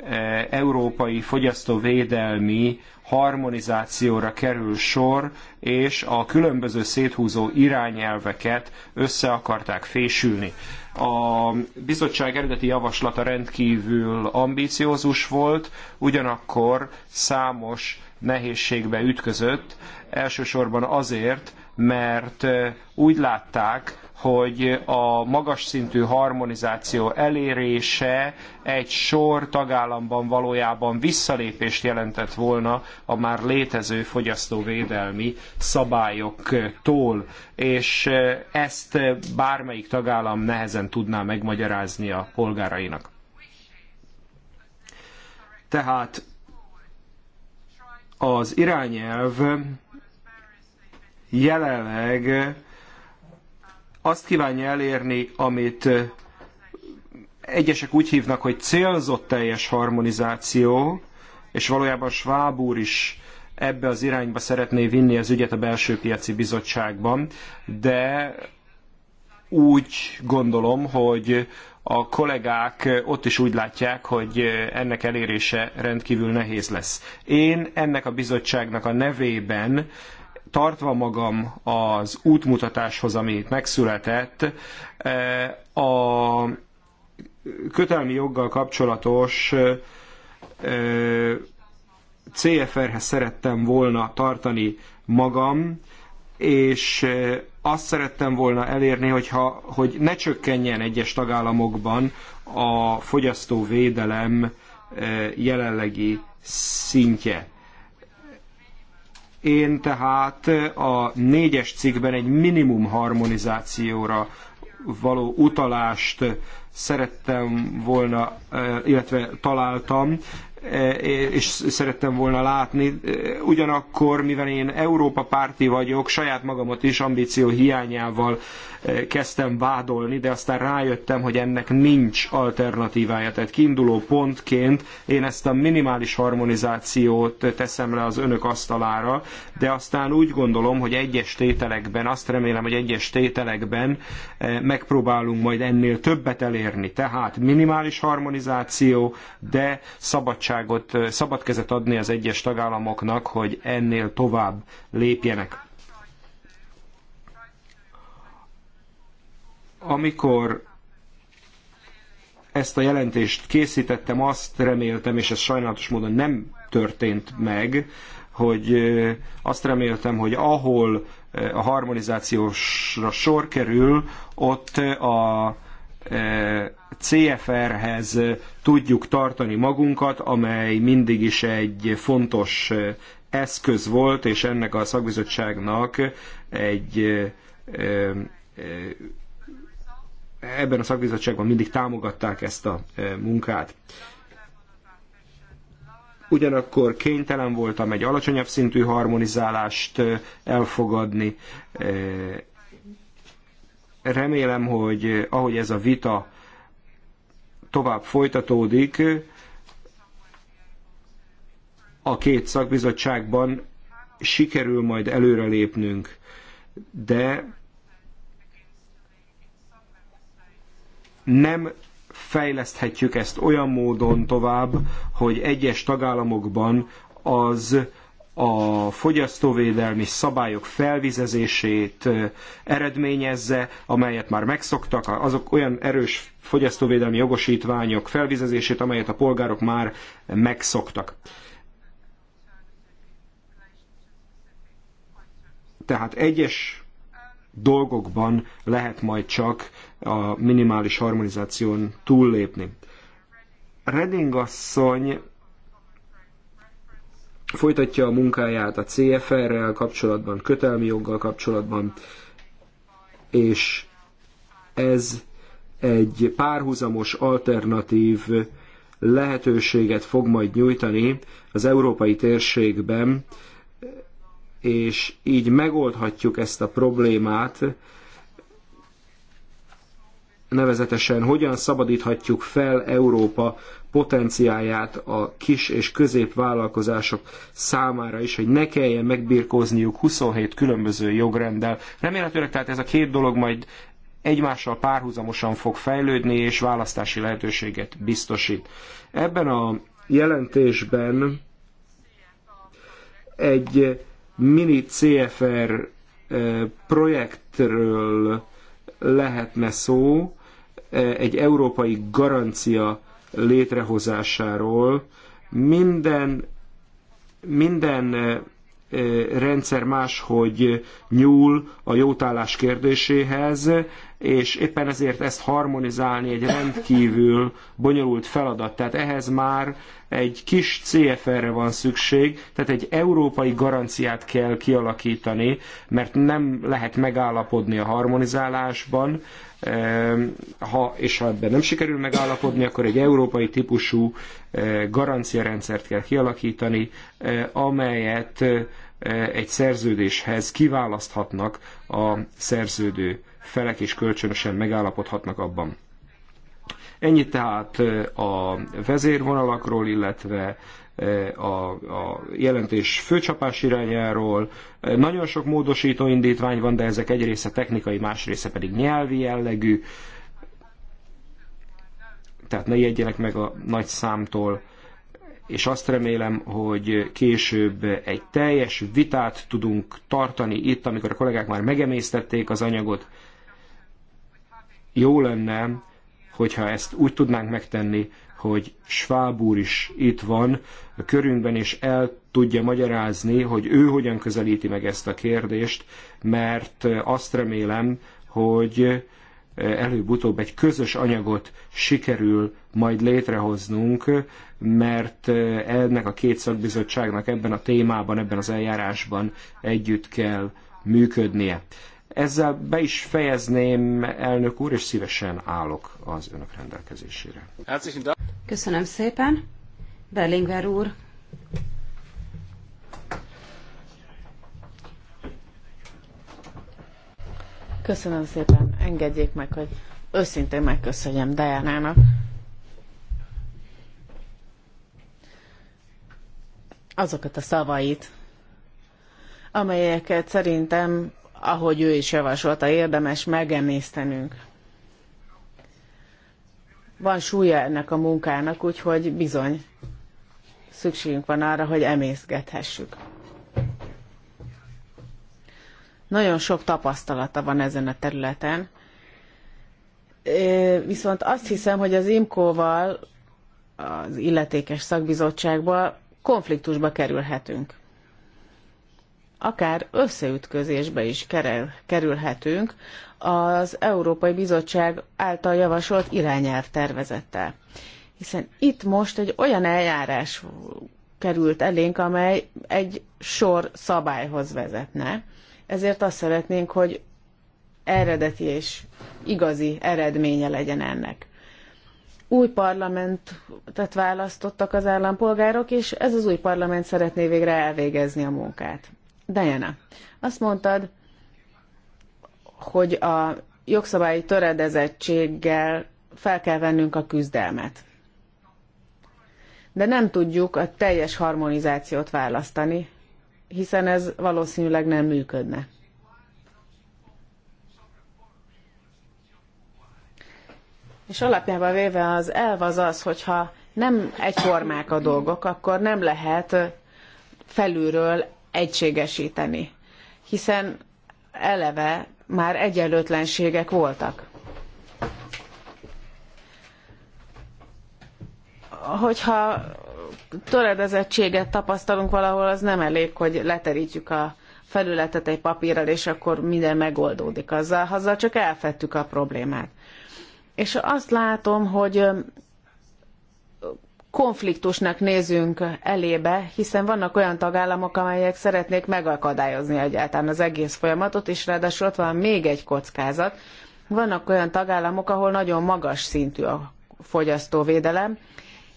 e, európai fogyasztóvédelmi harmonizációra kerül sor, és a különböző széthúzó irányelveket össze akarták fésülni. A bizottság eredeti javaslata rendkívül ambíciózus volt, ugyanakkor számos nehézségbe ütközött, elsősorban azért, mert eh, úgy látták, hogy a magas szintű harmonizáció elérése egy sor tagállamban valójában visszalépést jelentett volna a már létező fogyasztóvédelmi szabályoktól, és ezt bármelyik tagállam nehezen tudná megmagyarázni a polgárainak. Tehát az irányelv jelenleg azt kívánja elérni, amit egyesek úgy hívnak, hogy célzott teljes harmonizáció, és valójában Schwab úr is ebbe az irányba szeretné vinni az ügyet a belső piaci bizottságban, de úgy gondolom, hogy a kollégák ott is úgy látják, hogy ennek elérése rendkívül nehéz lesz. Én ennek a bizottságnak a nevében tartva magam az útmutatáshoz, ami itt megszületett, eh, a kötelmi joggal kapcsolatos eh, CFR-hez szerettem volna tartani magam, és eh, azt szerettem volna elérni, hogyha, hogy ne csökkenjen egyes tagállamokban a fogyasztóvédelem jelenlegi szintje. Én tehát a négyes cikkben egy minimum harmonizációra való utalást szerettem volna, e, illetve találtam, e, és szerettem volna látni. E, ugyanakkor, mivel én Európa párti vagyok, saját magamat is ambíció hiányával kezdtem vádolni, de aztán rájöttem, hogy ennek nincs alternatívája. Tehát kiinduló pontként én ezt a minimális harmonizációt teszem le az önök asztalára, de aztán úgy gondolom, hogy egyes tételekben, azt remélem, hogy egyes tételekben eh, megpróbálunk majd ennél többet elérni. Tehát minimális harmonizáció, de szabadságot, eh, szabad kezet adni az egyes tagállamoknak, hogy ennél tovább lépjenek. Amikor ezt a jelentést készítettem, azt reméltem, és ez sajnálatos módon nem történt meg, hogy azt reméltem, hogy ahol a harmonizációsra sor kerül, ott a CFR-hez tudjuk tartani magunkat, amely mindig is egy fontos eszköz volt, és ennek a szakbizottságnak egy ebben a szakbizottságban mindig támogatták ezt a e, munkát. Ugyanakkor kénytelen voltam egy alacsonyabb szintű harmonizálást e, elfogadni. E, remélem, hogy ahogy ez a vita tovább folytatódik, a két szakbizottságban sikerül majd előrelépnünk, de nem fejleszthetjük ezt olyan módon tovább, hogy egyes tagállamokban az a fogyasztóvédelmi szabályok felvizezését eredményezze, amelyet már megszoktak, azok olyan erős fogyasztóvédelmi jogosítványok felvizezését, amelyet a polgárok már megszoktak. Tehát egyes dolgokban lehet majd csak a minimális harmonizáción túllépni. Reding asszony folytatja a munkáját a CFR-rel kapcsolatban, kötelmi joggal kapcsolatban, és ez egy párhuzamos alternatív lehetőséget fog majd nyújtani az európai térségben és így megoldhatjuk ezt a problémát, nevezetesen hogyan szabadíthatjuk fel Európa potenciáját a kis és középvállalkozások számára is, hogy ne kelljen megbirkózniuk 27 különböző jogrenddel. Remélhetőleg tehát ez a két dolog majd egymással párhuzamosan fog fejlődni, és választási lehetőséget biztosít. Ebben a jelentésben egy mini CFR projektről lehetne szó, egy európai garancia létrehozásáról. Minden, minden rendszer máshogy nyúl a jótállás kérdéséhez, és éppen ezért ezt harmonizálni egy rendkívül bonyolult feladat. Tehát ehhez már egy kis CFR-re van szükség, tehát egy európai garanciát kell kialakítani, mert nem lehet megállapodni a harmonizálásban, ha, és ha ebben nem sikerül megállapodni, akkor egy európai típusú eh, garanciarendszert kell kialakítani, eh, amelyet eh, egy szerződéshez kiválaszthatnak a szerződő felek, és kölcsönösen megállapodhatnak abban. Ennyit tehát a vezérvonalakról, illetve E, a, a jelentés főcsapás irányáról. E, nagyon sok módosító indítvány van, de ezek egy része technikai, más része pedig nyelvi jellegű. Tehát ne ijedjenek meg a nagy számtól és azt remélem, hogy később egy teljes vitát tudunk tartani itt, amikor a kollégák már megemésztették az anyagot. Jó lenne, hogyha ezt úgy tudnánk megtenni, hogy Schwab úr is itt van a körünkben, és el tudja magyarázni, hogy ő hogyan közelíti meg ezt a kérdést, mert azt remélem, hogy előbb-utóbb egy közös anyagot sikerül majd létrehoznunk, mert ennek a két szakbizottságnak ebben a témában, ebben az eljárásban együtt kell működnie. Ezzel be is fejezném, elnök úr, és szívesen állok az önök rendelkezésére. Köszönöm szépen. Berlinger úr. Köszönöm szépen. Engedjék meg, hogy őszintén megköszönjem Dejánának. Azokat a szavait, amelyeket szerintem ahogy ő is javasolta, érdemes megemésztenünk. Van súlya ennek a munkának, úgyhogy bizony szükségünk van arra, hogy emészgethessük. Nagyon sok tapasztalata van ezen a területen, viszont azt hiszem, hogy az IMCO-val, az illetékes szakbizottságban konfliktusba kerülhetünk akár összeütközésbe is kerülhetünk az Európai Bizottság által javasolt irányelv tervezettel. Hiszen itt most egy olyan eljárás került elénk, amely egy sor szabályhoz vezetne. Ezért azt szeretnénk, hogy eredeti és igazi eredménye legyen ennek. Új parlamentet választottak az állampolgárok, és ez az új parlament szeretné végre elvégezni a munkát. Diana, azt mondtad, hogy a jogszabályi töredezettséggel fel kell vennünk a küzdelmet. De nem tudjuk a teljes harmonizációt választani, hiszen ez valószínűleg nem működne. És alapjában véve az elv az az, hogyha nem egyformák a dolgok, akkor nem lehet felülről egységesíteni, hiszen eleve már egyenlőtlenségek voltak. Hogyha töredezettséget tapasztalunk valahol, az nem elég, hogy leterítjük a felületet egy papírral, és akkor minden megoldódik azzal, azzal csak elfettük a problémát. És azt látom, hogy konfliktusnak nézünk elébe, hiszen vannak olyan tagállamok, amelyek szeretnék megakadályozni egyáltalán az egész folyamatot, és ráadásul ott van még egy kockázat. Vannak olyan tagállamok, ahol nagyon magas szintű a fogyasztóvédelem,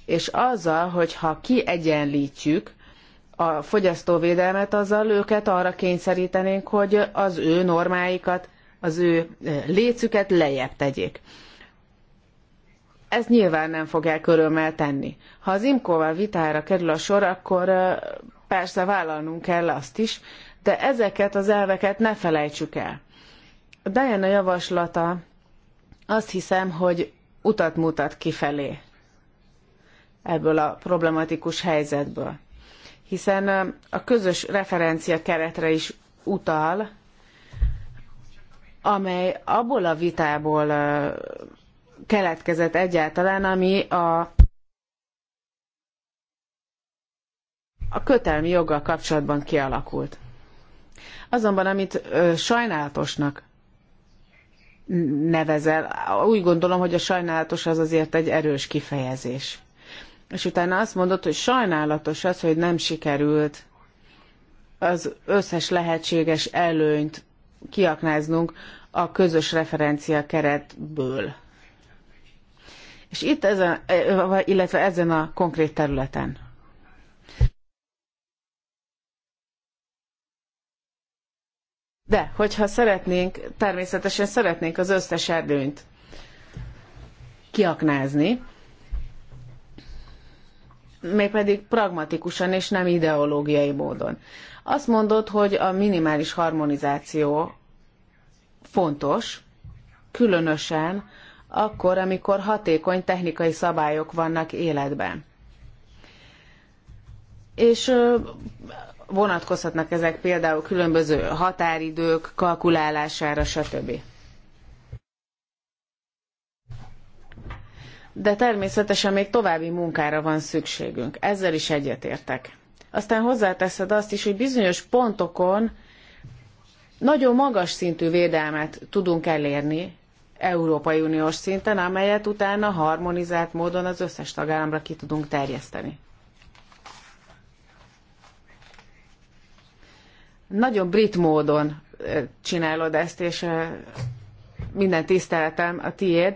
és azzal, hogyha kiegyenlítjük a fogyasztóvédelmet, azzal őket arra kényszerítenénk, hogy az ő normáikat, az ő eh, lécüket lejjebb tegyék ezt nyilván nem fogják körülmel tenni. Ha az imkóval vitára kerül a sor, akkor persze vállalnunk kell azt is, de ezeket az elveket ne felejtsük el. A Diana javaslata azt hiszem, hogy utat mutat kifelé ebből a problematikus helyzetből. Hiszen a közös referencia keretre is utal, amely abból a vitából keletkezett egyáltalán, ami a a kötelmi joggal kapcsolatban kialakult. Azonban, amit ö, sajnálatosnak nevezel, úgy gondolom, hogy a sajnálatos az azért egy erős kifejezés. És utána azt mondod, hogy sajnálatos az, hogy nem sikerült az összes lehetséges előnyt kiaknáznunk a közös referencia keretből. És itt ezen, eh, illetve ezen a konkrét területen. De, hogyha szeretnénk, természetesen szeretnénk az összes erdőnyt kiaknázni, mégpedig pragmatikusan és nem ideológiai módon. Azt mondod, hogy a minimális harmonizáció fontos, különösen akkor, amikor hatékony technikai szabályok vannak életben. És vonatkozhatnak ezek például különböző határidők kalkulálására, stb. De természetesen még további munkára van szükségünk. Ezzel is egyetértek. Aztán hozzáteszed azt is, hogy bizonyos pontokon nagyon magas szintű védelmet tudunk elérni, Európai Uniós szinten, amelyet utána harmonizált módon az összes tagállamra ki tudunk terjeszteni. Nagyon brit módon csinálod ezt, és minden tiszteletem a tiéd,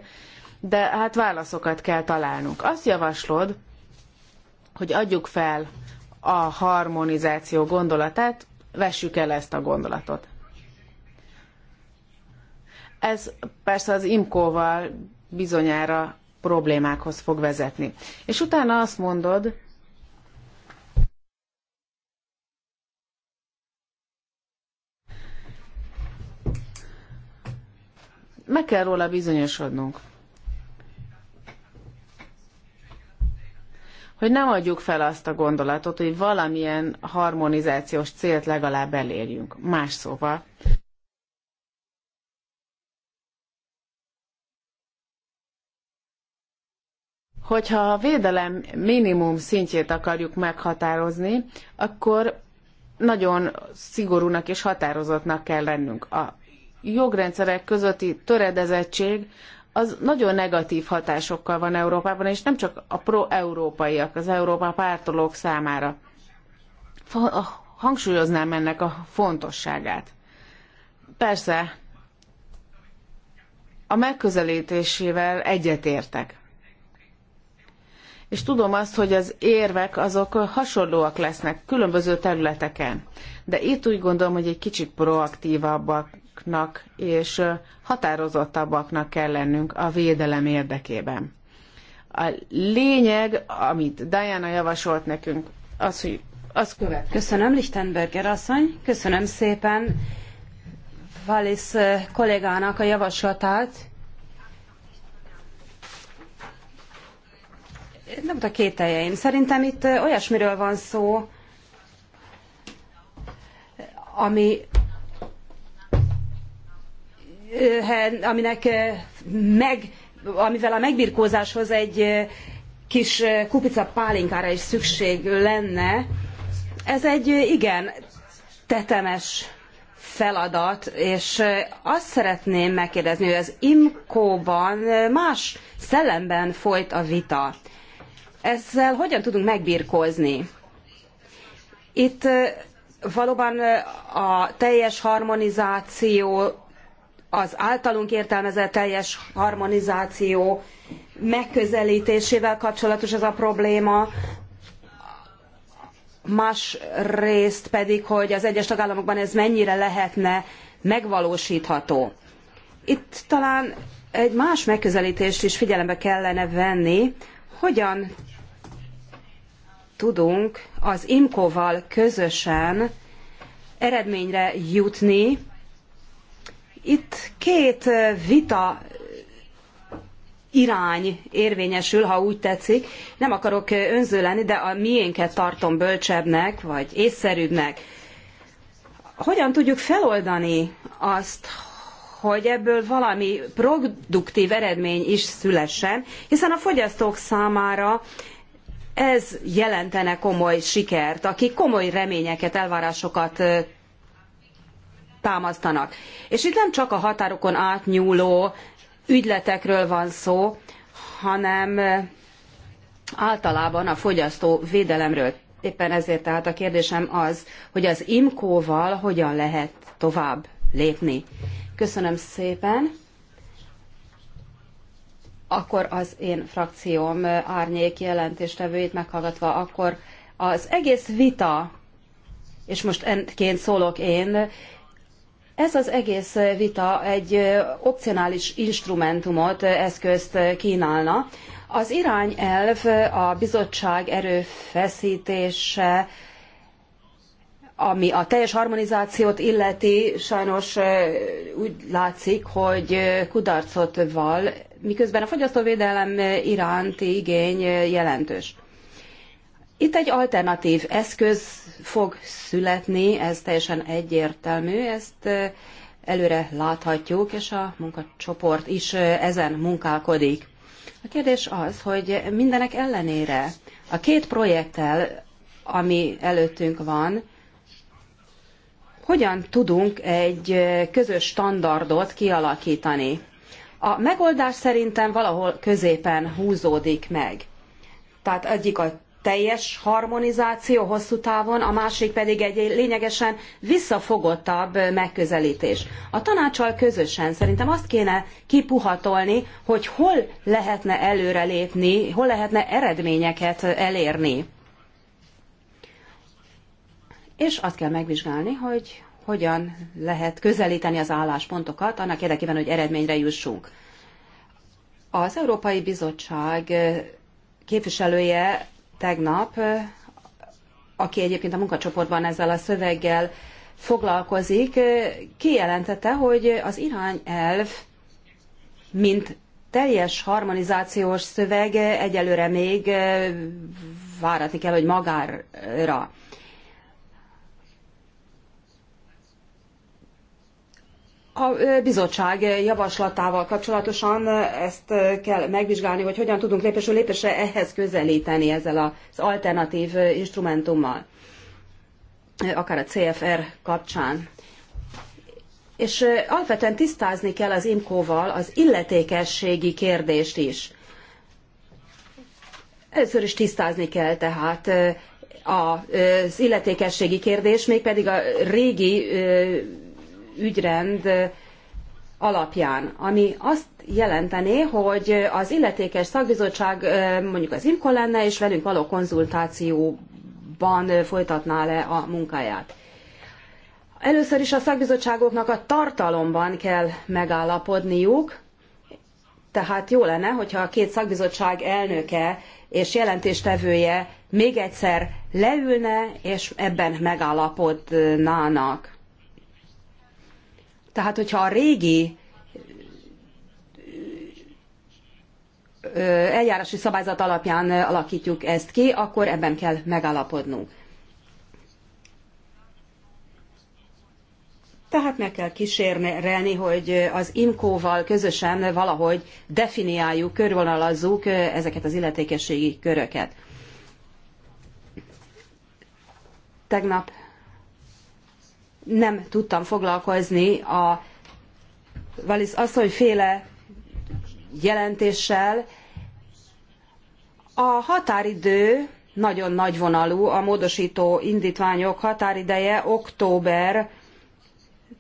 de hát válaszokat kell találnunk. Azt javaslod, hogy adjuk fel a harmonizáció gondolatát, vessük el ezt a gondolatot. Ez persze az imkóval bizonyára problémákhoz fog vezetni. És utána azt mondod, meg kell róla bizonyosodnunk. Hogy nem adjuk fel azt a gondolatot, hogy valamilyen harmonizációs célt legalább elérjünk. Más szóval, hogyha a védelem minimum szintjét akarjuk meghatározni, akkor nagyon szigorúnak és határozottnak kell lennünk. A jogrendszerek közötti töredezettség az nagyon negatív hatásokkal van Európában, és nem csak a pro-európaiak, az Európa pártolók számára. Hangsúlyoznám ennek a fontosságát. Persze, a megközelítésével egyetértek és tudom azt, hogy az érvek azok hasonlóak lesznek különböző területeken. De itt úgy gondolom, hogy egy kicsit proaktívabbaknak és határozottabbaknak kell lennünk a védelem érdekében. A lényeg, amit Diana javasolt nekünk, az, hogy az követ. Köszönöm, Lichtenberger asszony, köszönöm szépen Valisz eh, kollégának a javaslatát nem a kételjeim. Szerintem itt olyasmiről van szó, ami aminek meg, amivel a megbirkózáshoz egy kis kupica pálinkára is szükség lenne. Ez egy igen tetemes feladat, és azt szeretném megkérdezni, hogy az imkóban ban más szellemben folyt a vita ezzel hogyan tudunk megbirkózni? Itt valóban a teljes harmonizáció, az általunk értelmezett teljes harmonizáció megközelítésével kapcsolatos ez a probléma, más részt pedig, hogy az egyes tagállamokban ez mennyire lehetne megvalósítható. Itt talán egy más megközelítést is figyelembe kellene venni, hogyan tudunk az Imkoval közösen eredményre jutni. Itt két vita irány érvényesül, ha úgy tetszik. Nem akarok önző lenni, de a miénket tartom bölcsebbnek, vagy észszerűbbnek. Hogyan tudjuk feloldani azt, hogy ebből valami produktív eredmény is szülessen, hiszen a fogyasztók számára ez jelentene komoly sikert, akik komoly reményeket, elvárásokat támasztanak. És itt nem csak a határokon átnyúló ügyletekről van szó, hanem általában a fogyasztó védelemről. Éppen ezért tehát a kérdésem az, hogy az IMCO-val hogyan lehet tovább lépni. Köszönöm szépen akkor az én frakcióm eh, árnyék jelentéstevőit meghallgatva, akkor az egész vita, és most ként szólok én, ez az egész vita egy eh, opcionális instrumentumot, eh, eszközt kínálna. Az irányelv a bizottság erőfeszítése, ami a teljes harmonizációt illeti, sajnos úgy látszik, hogy kudarcot val, miközben a fogyasztóvédelem iránti igény jelentős. Itt egy alternatív eszköz fog születni, ez teljesen egyértelmű, ezt előre láthatjuk, és a munkacsoport is ezen munkálkodik. A kérdés az, hogy mindenek ellenére a két projekttel, ami előttünk van, hogyan tudunk egy közös standardot kialakítani. A megoldás szerintem valahol középen húzódik meg. Tehát egyik a teljes harmonizáció hosszú távon, a másik pedig egy lényegesen visszafogottabb megközelítés. A tanácsal közösen szerintem azt kéne kipuhatolni, hogy hol lehetne előrelépni, hol lehetne eredményeket elérni. És azt kell megvizsgálni, hogy hogyan lehet közelíteni az álláspontokat annak érdekében, hogy eredményre jussunk. Az Európai Bizottság képviselője tegnap, aki egyébként a munkacsoportban ezzel a szöveggel foglalkozik, kijelentette, hogy az irányelv, mint teljes harmonizációs szöveg egyelőre még váratni kell, hogy magára A bizottság javaslatával kapcsolatosan ezt kell megvizsgálni, hogy hogyan tudunk lépésről lépésre ehhez közelíteni ezzel az alternatív instrumentummal, akár a CFR kapcsán. És alapvetően tisztázni kell az IMCO-val az illetékességi kérdést is. Először is tisztázni kell tehát az illetékességi kérdés, mégpedig a régi ügyrend alapján, ami azt jelenteni, hogy az illetékes szakbizottság mondjuk az IMKO lenne, és velünk való konzultációban folytatná le a munkáját. Először is a szakbizottságoknak a tartalomban kell megállapodniuk, tehát jó lenne, hogyha a két szakbizottság elnöke és jelentéstevője még egyszer leülne, és ebben megállapodnának. Tehát, hogyha a régi eljárási szabályzat alapján alakítjuk ezt ki, akkor ebben kell megállapodnunk. Tehát meg kell kísérelni, hogy az IMCO-val közösen valahogy definiáljuk, körvonalazzuk ezeket az illetékességi köröket. Tegnap nem tudtam foglalkozni a Valisz asszonyféle jelentéssel. A határidő nagyon nagyvonalú, a módosító indítványok határideje október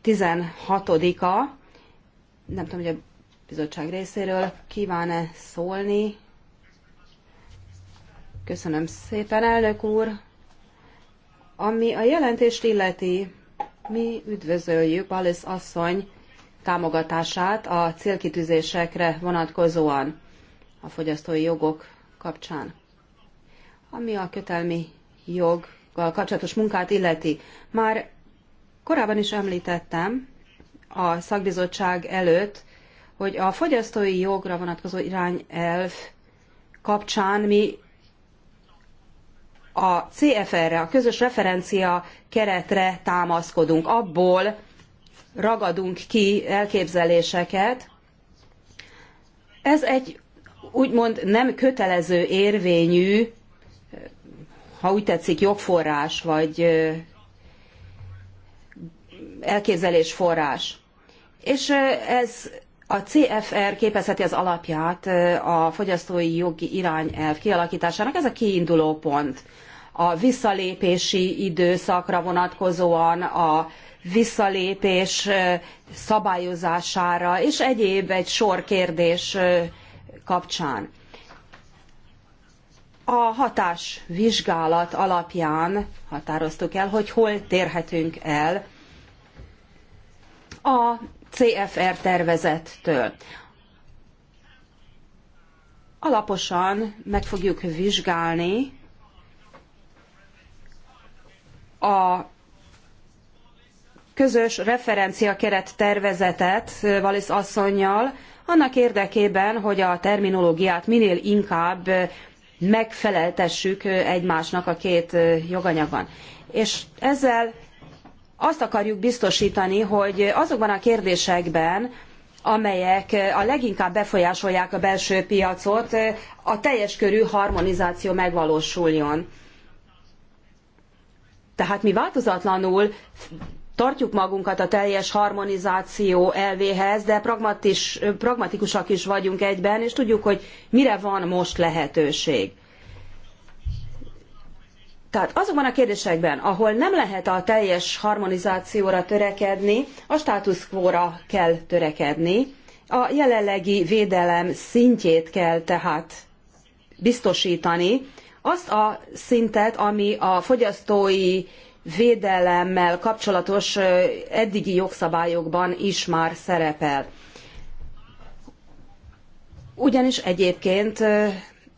16-a. Nem tudom, hogy a bizottság részéről kíván-e szólni. Köszönöm szépen, elnök úr. Ami a jelentést illeti, mi üdvözöljük Balis asszony támogatását a célkitűzésekre vonatkozóan a fogyasztói jogok kapcsán. Ami a kötelmi joggal kapcsolatos munkát illeti, már korábban is említettem a szakbizottság előtt, hogy a fogyasztói jogra vonatkozó irányelv kapcsán mi a CFR-re, a közös referencia keretre támaszkodunk, abból ragadunk ki elképzeléseket. Ez egy úgymond nem kötelező érvényű, ha úgy tetszik, jogforrás, vagy elképzelésforrás. És ez a CFR képezheti az alapját a fogyasztói jogi irányelv kialakításának, ez a kiinduló pont. A visszalépési időszakra vonatkozóan a visszalépés szabályozására és egyéb egy sor kérdés kapcsán. A hatásvizsgálat alapján határoztuk el, hogy hol térhetünk el a CFR tervezettől. Alaposan meg fogjuk vizsgálni a közös referencia keret tervezetet Valisz asszonynal, annak érdekében, hogy a terminológiát minél inkább megfeleltessük egymásnak a két joganyagban. És ezzel azt akarjuk biztosítani, hogy azokban a kérdésekben, amelyek a leginkább befolyásolják a belső piacot, a teljes körű harmonizáció megvalósuljon. Tehát mi változatlanul tartjuk magunkat a teljes harmonizáció elvéhez, de pragmatis, pragmatikusak is vagyunk egyben, és tudjuk, hogy mire van most lehetőség. Tehát azokban a kérdésekben, ahol nem lehet a teljes harmonizációra törekedni, a status quo-ra kell törekedni, a jelenlegi védelem szintjét kell tehát biztosítani, azt a szintet, ami a fogyasztói védelemmel kapcsolatos eddigi jogszabályokban is már szerepel. Ugyanis egyébként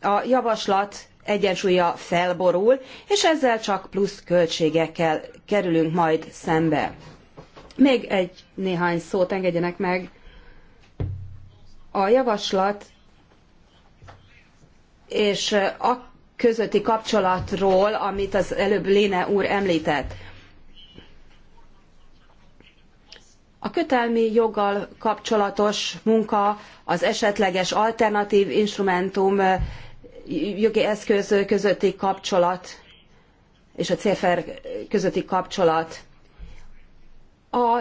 a javaslat egyensúlya felborul, és ezzel csak plusz költségekkel kerülünk majd szembe. Még egy néhány szót engedjenek meg. A javaslat és a közötti kapcsolatról, amit az előbb Léne úr említett. A kötelmi joggal kapcsolatos munka, az esetleges alternatív instrumentum jogi eszköz közötti kapcsolat és a CFR közötti kapcsolat. A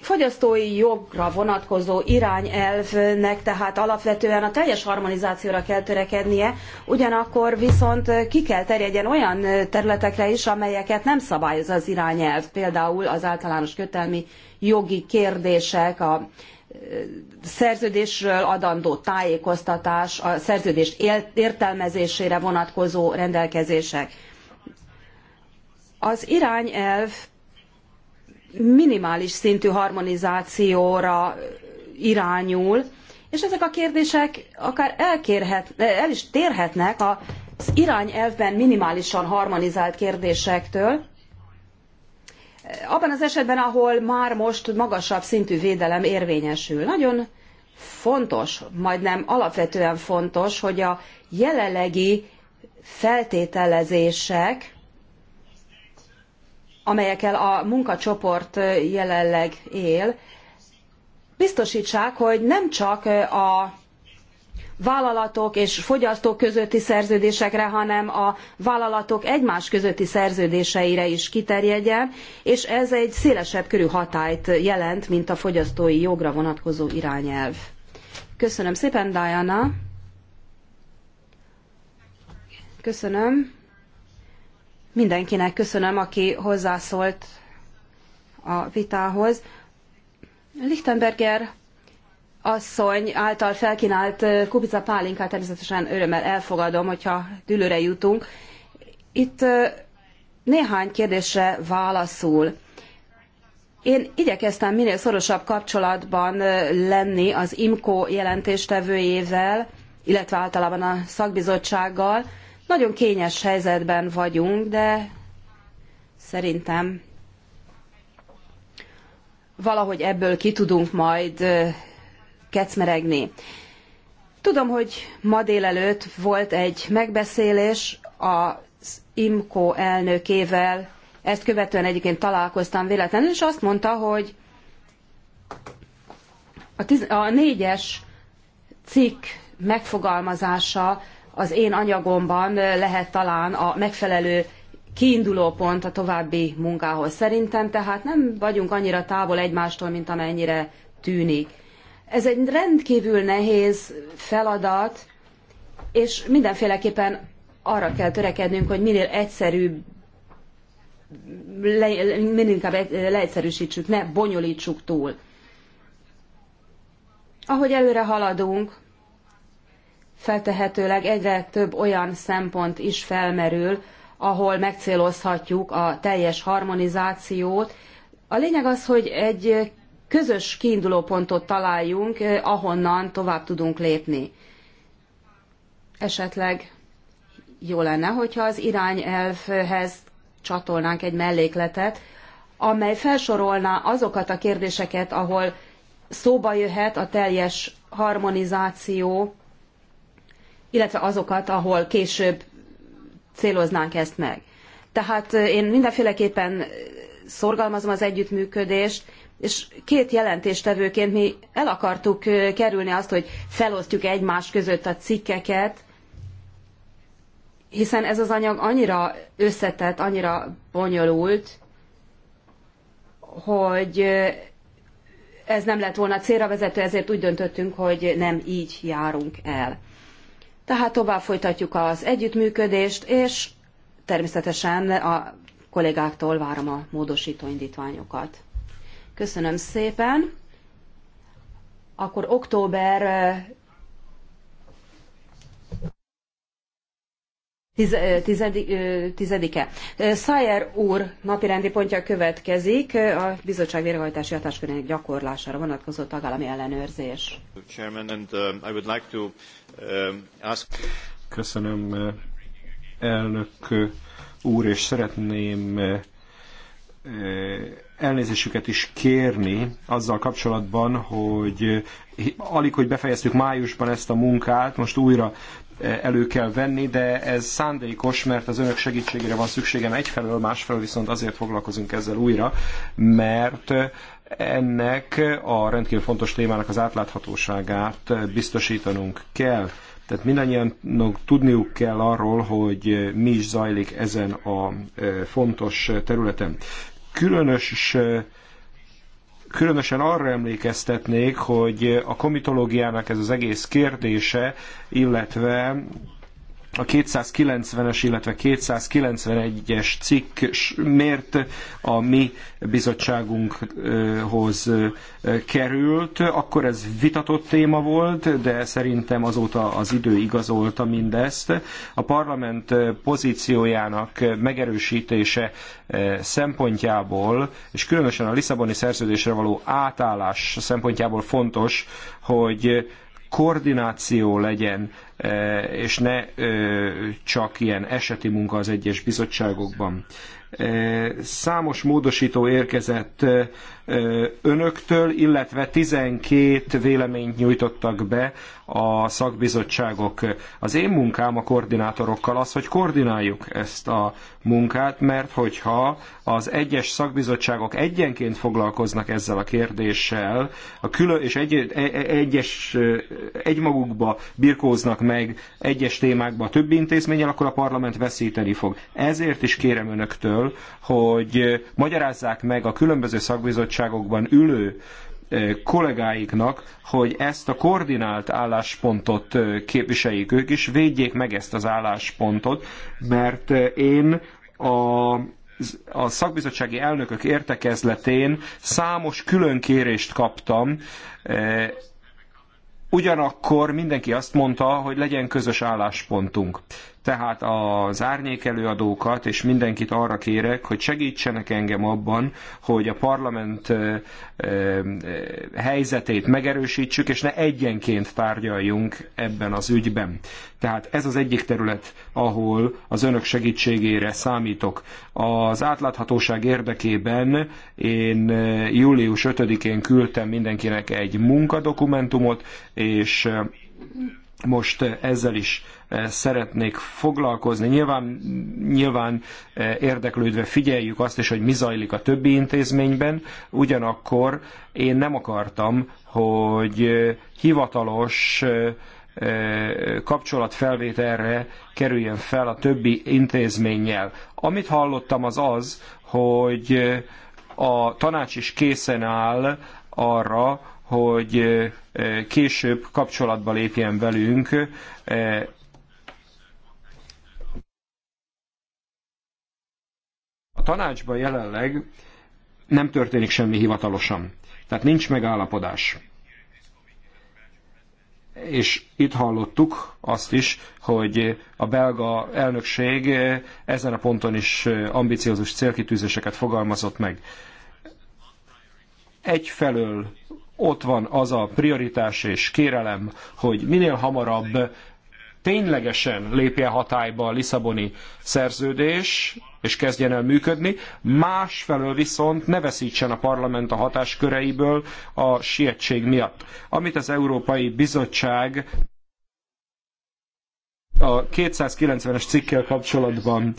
fogyasztói jogra vonatkozó irányelvnek tehát alapvetően a teljes harmonizációra kell törekednie, ugyanakkor viszont ki kell terjedjen olyan területekre is, amelyeket nem szabályoz az irányelv, például az általános kötelmi jogi kérdések, a szerződésről adandó tájékoztatás, a szerződés értelmezésére vonatkozó rendelkezések. Az irányelv minimális szintű harmonizációra irányul, és ezek a kérdések akár elkérhet, el is térhetnek az irányelvben minimálisan harmonizált kérdésektől, abban az esetben, ahol már most magasabb szintű védelem érvényesül. Nagyon fontos, majdnem alapvetően fontos, hogy a jelenlegi feltételezések, amelyekkel a munkacsoport jelenleg él, biztosítsák, hogy nem csak a vállalatok és fogyasztók közötti szerződésekre, hanem a vállalatok egymás közötti szerződéseire is kiterjedjen, és ez egy szélesebb körű hatályt jelent, mint a fogyasztói jogra vonatkozó irányelv. Köszönöm szépen, Diana. Köszönöm. Mindenkinek köszönöm, aki hozzászólt a vitához. Lichtenberger asszony által felkínált kubica pálinkát természetesen örömmel elfogadom, hogyha dülőre jutunk. Itt néhány kérdésre válaszul. Én igyekeztem minél szorosabb kapcsolatban lenni az IMCO jelentéstevőjével, illetve általában a szakbizottsággal. Nagyon kényes helyzetben vagyunk, de szerintem valahogy ebből ki tudunk majd kecmeregni. Tudom, hogy ma délelőtt volt egy megbeszélés az IMCO elnökével, ezt követően egyébként találkoztam véletlenül, és azt mondta, hogy a, tiz- a négyes cikk megfogalmazása az én anyagomban lehet talán a megfelelő kiinduló pont a további munkához. Szerintem tehát nem vagyunk annyira távol egymástól, mint amennyire tűnik. Ez egy rendkívül nehéz feladat, és mindenféleképpen arra kell törekednünk, hogy minél egyszerűbb le, minél inkább leegyszerűsítsük, ne bonyolítsuk túl. Ahogy előre haladunk, feltehetőleg egyre több olyan szempont is felmerül, ahol megcélozhatjuk a teljes harmonizációt. A lényeg az, hogy egy közös kiindulópontot találjunk, eh, ahonnan tovább tudunk lépni. Esetleg jó lenne, hogyha az irányelvhez csatolnánk egy mellékletet, amely felsorolná azokat a kérdéseket, ahol szóba jöhet a teljes harmonizáció, illetve azokat, ahol később céloznánk ezt meg. Tehát eh, én mindenféleképpen eh, szorgalmazom az együttműködést, és két jelentéstevőként mi el akartuk kerülni azt, hogy felosztjuk egymás között a cikkeket, hiszen ez az anyag annyira összetett, annyira bonyolult, hogy ez nem lett volna célra vezető, ezért úgy döntöttünk, hogy nem így járunk el. Tehát tovább folytatjuk az együttműködést, és természetesen a kollégáktól várom a módosító indítványokat. Köszönöm szépen. Akkor október 10-e. Szájer úr napirendi pontja következik a bizottság végrehajtási hatáskörének gyakorlására vonatkozó tagállami ellenőrzés. Uh, uh, Köszönöm, elnök úr, és szeretném elnézésüket is kérni azzal kapcsolatban, hogy alig, hogy befejeztük májusban ezt a munkát, most újra e, elő kell venni, de ez szándékos, mert az önök segítségére van szükségem egyfelől, másfelől viszont azért foglalkozunk ezzel újra, mert ennek a rendkívül fontos témának az átláthatóságát biztosítanunk kell. Tehát mindannyian tudniuk kell arról, hogy mi is zajlik ezen a e, fontos területen különös különösen arra emlékeztetnék, hogy a komitológiának ez az egész kérdése, illetve a 290-es, illetve 291-es cikk miért a mi bizottságunkhoz került. Akkor ez vitatott téma volt, de szerintem azóta az idő igazolta mindezt. A parlament pozíciójának megerősítése szempontjából, és különösen a Lisszaboni szerződésre való átállás szempontjából fontos, hogy koordináció legyen, e, és ne e, csak ilyen eseti munka az egyes bizottságokban. E, számos módosító érkezett önöktől, illetve 12 véleményt nyújtottak be a szakbizottságok. Az én munkám a koordinátorokkal az, hogy koordináljuk ezt a munkát, mert hogyha az egyes szakbizottságok egyenként foglalkoznak ezzel a kérdéssel, a külön, és egy, e- e- egyes, egymagukba birkóznak meg egyes témákba a többi intézménnyel, akkor a parlament veszíteni fog. Ezért is kérem önöktől, hogy magyarázzák meg a különböző szakbizottságok, bizottságokban ülő kollégáiknak, hogy ezt a koordinált álláspontot képviseljék ők is, védjék meg ezt az álláspontot, mert én a a szakbizottsági elnökök értekezletén számos külön kérést kaptam, ugyanakkor mindenki azt mondta, hogy legyen közös álláspontunk. Tehát az árnyékelőadókat, előadókat és mindenkit arra kérek, hogy segítsenek engem abban, hogy a parlament helyzetét megerősítsük, és ne egyenként tárgyaljunk ebben az ügyben. Tehát ez az egyik terület, ahol az önök segítségére számítok. Az átláthatóság érdekében én július 5-én küldtem mindenkinek egy munkadokumentumot, és most eh, ezzel is eh, szeretnék foglalkozni. Nyilván, nyilván eh, érdeklődve figyeljük azt is, hogy mi zajlik a többi intézményben, ugyanakkor én nem akartam, hogy hivatalos kapcsolatfelvételre kerüljen fel a többi intézménnyel. Amit hallottam az az, hogy a tanács is készen áll arra, hogy később kapcsolatba lépjen velünk a tanácsban jelenleg nem történik semmi hivatalosan. Tehát nincs megállapodás. És itt hallottuk azt is, hogy a belga elnökség ezen a ponton is ambiciózus célkitűzéseket fogalmazott meg. Egyfelől ott van az a prioritás és kérelem, hogy minél hamarabb ténylegesen lépje hatályba a Lisszaboni szerződés, és kezdjen el működni, másfelől viszont ne veszítsen a parlament a hatásköreiből a sietség miatt. Amit az Európai Bizottság a 290-es cikkel kapcsolatban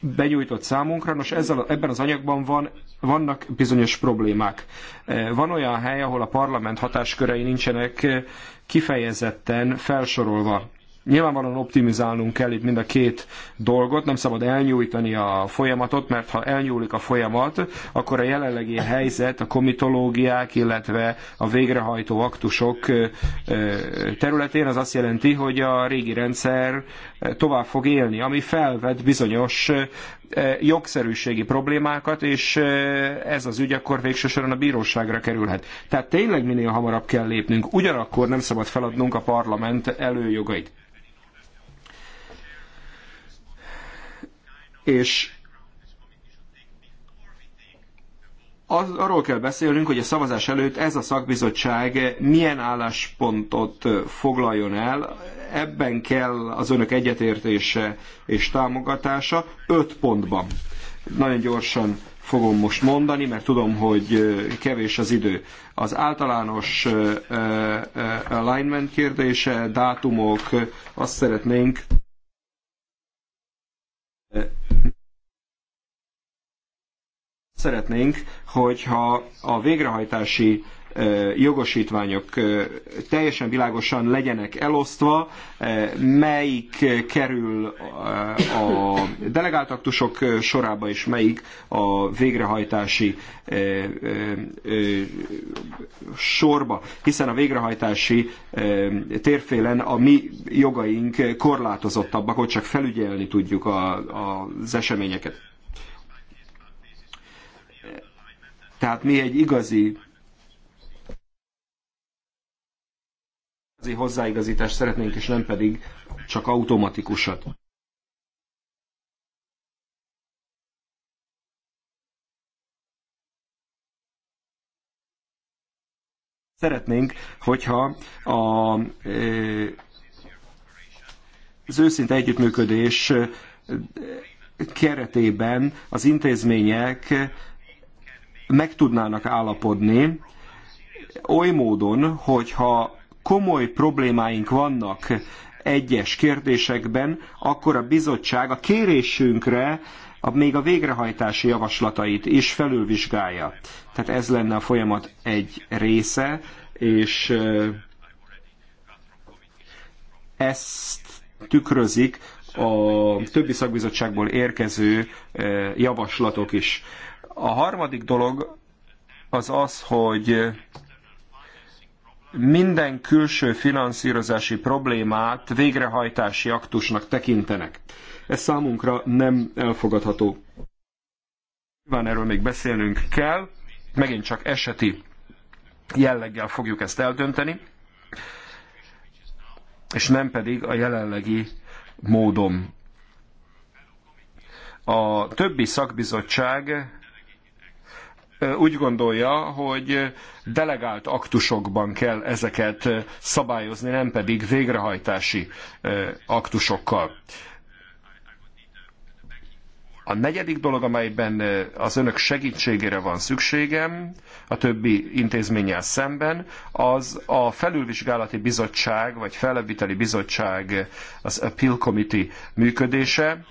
benyújtott számunkra. Nos, ezzel, ebben az anyagban van, vannak bizonyos problémák. E, van olyan hely, ahol a parlament hatáskörei nincsenek e, kifejezetten felsorolva. Nyilvánvalóan optimizálnunk kell itt mind a két dolgot, nem szabad elnyújtani a folyamatot, mert ha elnyúlik a folyamat, akkor a jelenlegi helyzet, a komitológiák, illetve a végrehajtó aktusok e, területén az azt jelenti, hogy a régi rendszer tovább fog élni, ami felvet bizonyos eh, jogszerűségi problémákat, és eh, ez az ügy akkor végső soron a bíróságra kerülhet. Tehát tényleg minél hamarabb kell lépnünk, ugyanakkor nem szabad feladnunk a parlament előjogait. És az, arról kell beszélnünk, hogy a szavazás előtt ez a szakbizottság milyen álláspontot foglaljon el. Ebben kell az önök egyetértése és támogatása öt pontban. Nagyon gyorsan fogom most mondani, mert tudom, hogy kevés az idő. Az általános alignment kérdése, dátumok, azt szeretnénk, szeretnénk, hogyha a végrehajtási jogosítványok teljesen világosan legyenek elosztva, melyik kerül a delegáltaktusok sorába, és melyik a végrehajtási sorba, hiszen a végrehajtási térfélen a mi jogaink korlátozottabbak, hogy csak felügyelni tudjuk az eseményeket. Tehát mi egy igazi igazi hozzáigazítást szeretnénk, és nem pedig csak automatikusat. Szeretnénk, hogyha a, az őszinte együttműködés keretében az intézmények meg tudnának állapodni oly módon, hogyha komoly problémáink vannak egyes kérdésekben, akkor a bizottság a kérésünkre a, még a végrehajtási javaslatait is felülvizsgálja. Tehát ez lenne a folyamat egy része, és ezt tükrözik a többi szakbizottságból érkező javaslatok is. A harmadik dolog az az, hogy minden külső finanszírozási problémát végrehajtási aktusnak tekintenek. Ez számunkra nem elfogadható. Nyilván erről még beszélnünk kell, megint csak eseti jelleggel fogjuk ezt eldönteni, és nem pedig a jelenlegi módon. A többi szakbizottság úgy gondolja, hogy delegált aktusokban kell ezeket szabályozni, nem pedig végrehajtási aktusokkal. A negyedik dolog, amelyben az önök segítségére van szükségem, a többi intézménnyel szemben, az a felülvizsgálati bizottság, vagy felleviteli bizottság, az Appeal Committee működése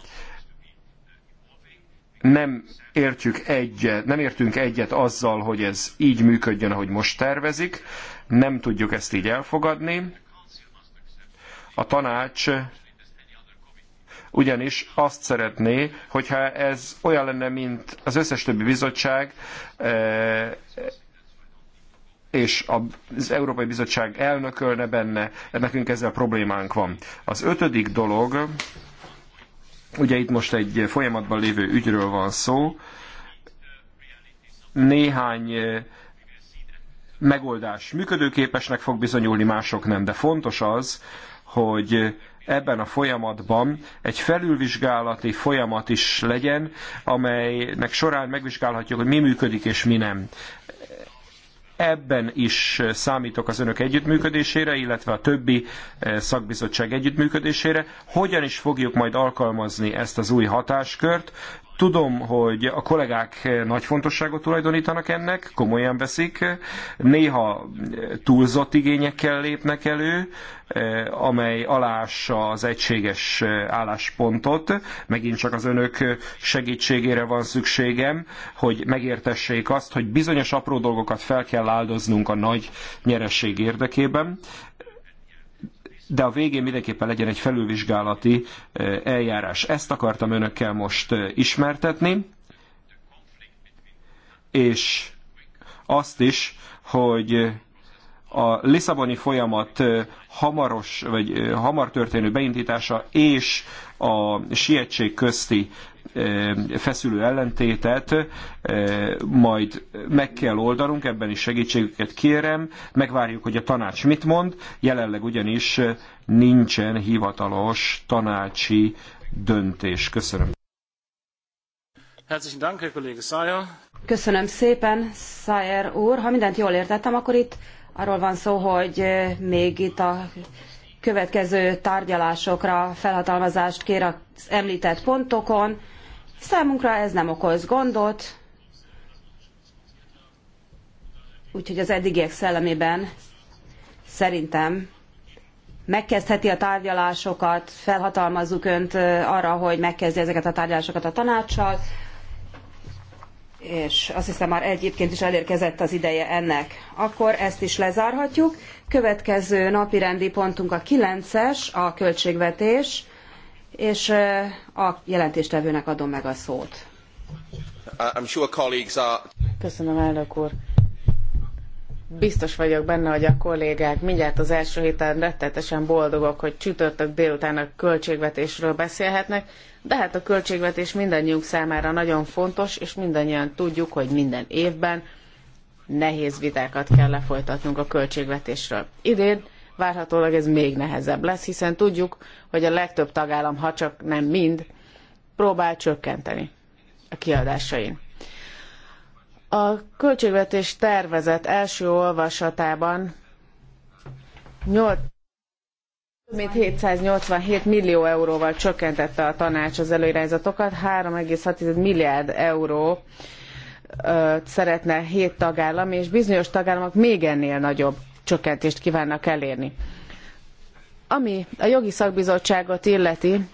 nem, értjük egyet, nem értünk egyet azzal, hogy ez így működjön, ahogy most tervezik, nem tudjuk ezt így elfogadni. A tanács ugyanis azt szeretné, hogyha ez olyan lenne, mint az összes többi bizottság, e, és az Európai Bizottság elnökölne benne, nekünk ezzel problémánk van. Az ötödik dolog, Ugye itt most egy folyamatban lévő ügyről van szó. Néhány eh, megoldás működőképesnek fog bizonyulni, mások nem, de fontos az, hogy ebben a folyamatban egy felülvizsgálati folyamat is legyen, amelynek során megvizsgálhatjuk, hogy mi működik és mi nem. Ebben is eh, számítok az önök együttműködésére, illetve a többi eh, szakbizottság együttműködésére. Hogyan is fogjuk majd alkalmazni ezt az új hatáskört? Tudom, hogy a kollégák nagy fontosságot tulajdonítanak ennek, komolyan veszik, néha túlzott igényekkel lépnek elő, amely alássa az egységes álláspontot. Megint csak az önök segítségére van szükségem, hogy megértessék azt, hogy bizonyos apró dolgokat fel kell áldoznunk a nagy nyereség érdekében de a végén mindenképpen legyen egy felülvizsgálati eljárás. Ezt akartam önökkel most ismertetni, és azt is, hogy a Lisszaboni folyamat hamaros, vagy hamar történő beindítása és a sietség közti feszülő ellentétet majd meg kell oldanunk, ebben is segítségüket kérem, megvárjuk, hogy a tanács mit mond, jelenleg ugyanis nincsen hivatalos tanácsi döntés. Köszönöm. Köszönöm szépen, Szájer úr. Ha mindent jól értettem, akkor itt arról van szó, hogy még itt a következő tárgyalásokra felhatalmazást kér az említett pontokon. Számunkra ez nem okoz gondot, úgyhogy az eddigiek szellemében szerintem megkezdheti a tárgyalásokat, felhatalmazzuk önt arra, hogy megkezdje ezeket a tárgyalásokat a tanácssal, és azt hiszem már egyébként is elérkezett az ideje ennek. Akkor ezt is lezárhatjuk. Következő napi rendi pontunk a 9-es, a költségvetés és a jelentéstevőnek adom meg a szót. Köszönöm, elnök úr. Biztos vagyok benne, hogy a kollégák mindjárt az első héten rettetesen boldogok, hogy csütörtök délután a költségvetésről beszélhetnek, de hát a költségvetés mindannyiunk számára nagyon fontos, és mindannyian tudjuk, hogy minden évben nehéz vitákat kell lefolytatnunk a költségvetésről. Idén várhatólag ez még nehezebb lesz, hiszen tudjuk, hogy a legtöbb tagállam, ha csak nem mind, próbál csökkenteni a kiadásain. A költségvetés tervezet első olvasatában 8 mint 787 millió euróval csökkentette a tanács az előirányzatokat, 3,6 milliárd euró szeretne 7 tagállam, és bizonyos tagállamok még ennél nagyobb csökkentést kívánnak elérni. Ami a jogi szakbizottságot illeti,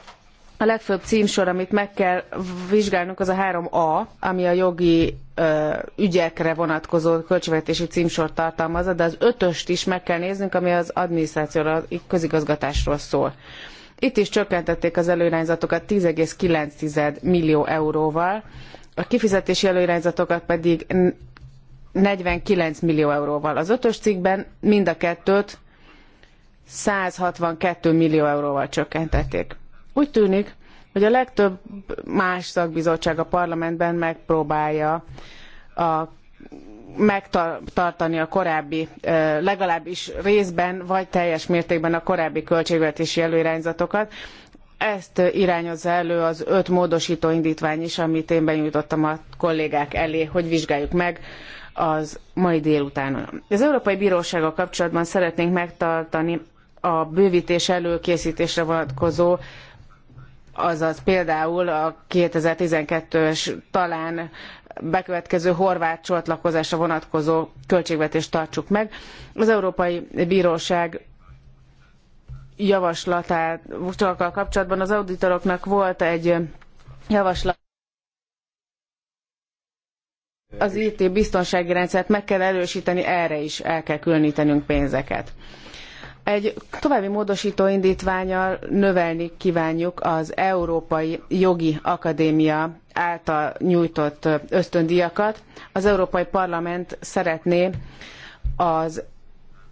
a legfőbb címsor, amit meg kell vizsgálnunk, az a 3A, ami a jogi ö, ügyekre vonatkozó költségvetési címsor tartalmazza, de az ötöst is meg kell néznünk, ami az adminisztrációra, a közigazgatásról szól. Itt is csökkentették az előirányzatokat 10,9 millió euróval, a kifizetési előirányzatokat pedig 49 millió euróval. Az ötös cikkben mind a kettőt 162 millió euróval csökkentették. Úgy tűnik, hogy a legtöbb más szakbizottság a parlamentben megpróbálja a, megtartani a korábbi, legalábbis részben vagy teljes mértékben a korábbi költségvetési előirányzatokat. Ezt irányozza elő az öt módosító indítvány is, amit én benyújtottam a kollégák elé, hogy vizsgáljuk meg az mai délutánon. Az Európai Bírósággal kapcsolatban szeretnénk megtartani a bővítés előkészítésre vonatkozó, azaz például a 2012-es talán bekövetkező horvát csatlakozásra vonatkozó költségvetést tartsuk meg. Az Európai Bíróság javaslatával kapcsolatban az auditoroknak volt egy javaslat, az IT biztonsági rendszert meg kell erősíteni, erre is el kell különítenünk pénzeket. Egy további módosító indítványal növelni kívánjuk az Európai Jogi Akadémia által nyújtott ösztöndíjakat. Az Európai Parlament szeretné az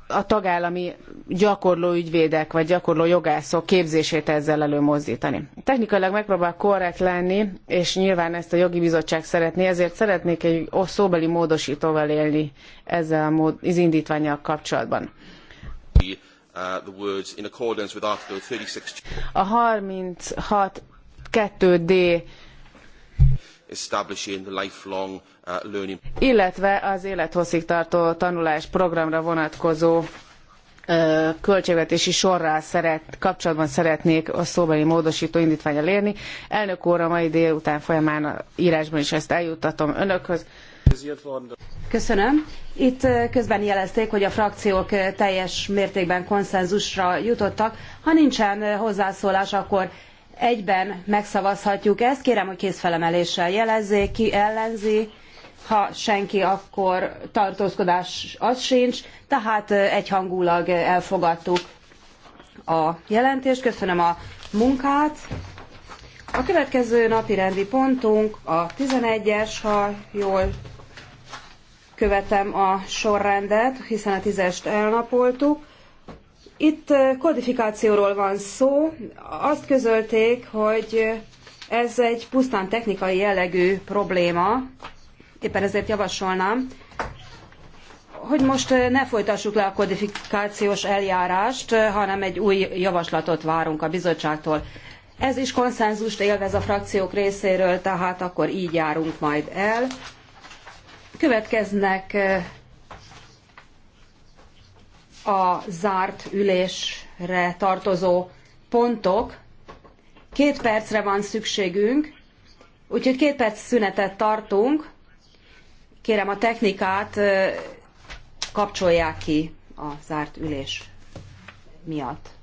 a tagállami gyakorló ügyvédek vagy gyakorló jogászok képzését ezzel előmozdítani. Technikailag megpróbál korrekt lenni, és nyilván ezt a jogi bizottság szeretné, ezért szeretnék egy szóbeli módosítóval élni ezzel az indítványjal kapcsolatban. Uh, the words in accordance with Article 36. A 36 d establishing the lifelong uh, learning. Illetve az élethosszig tartó tanulás programra vonatkozó uh, költségvetési sorral szeret, kapcsolatban szeretnék a szóbeli módosító indítványal érni. Elnök úr, a mai délután folyamán írásban is ezt eljuttatom önökhöz. Köszönöm. Itt közben jelezték, hogy a frakciók teljes mértékben konszenzusra jutottak. Ha nincsen hozzászólás, akkor egyben megszavazhatjuk ezt. Kérem, hogy kézfelemeléssel jelezzék, ki ellenzi. Ha senki, akkor tartózkodás az sincs. Tehát egyhangulag elfogadtuk a jelentést. Köszönöm a munkát. A következő napi rendi pontunk a 11-es, ha jól követem a sorrendet, hiszen a tízest elnapoltuk. Itt eh, kodifikációról van szó. Azt közölték, hogy ez egy pusztán technikai jellegű probléma, éppen ezért javasolnám, hogy most eh, ne folytassuk le a kodifikációs eljárást, eh, hanem egy új javaslatot várunk a bizottságtól. Ez is konszenzust élvez a frakciók részéről, tehát akkor így járunk majd el. Következnek a zárt ülésre tartozó pontok. Két percre van szükségünk, úgyhogy két perc szünetet tartunk. Kérem a technikát kapcsolják ki a zárt ülés miatt.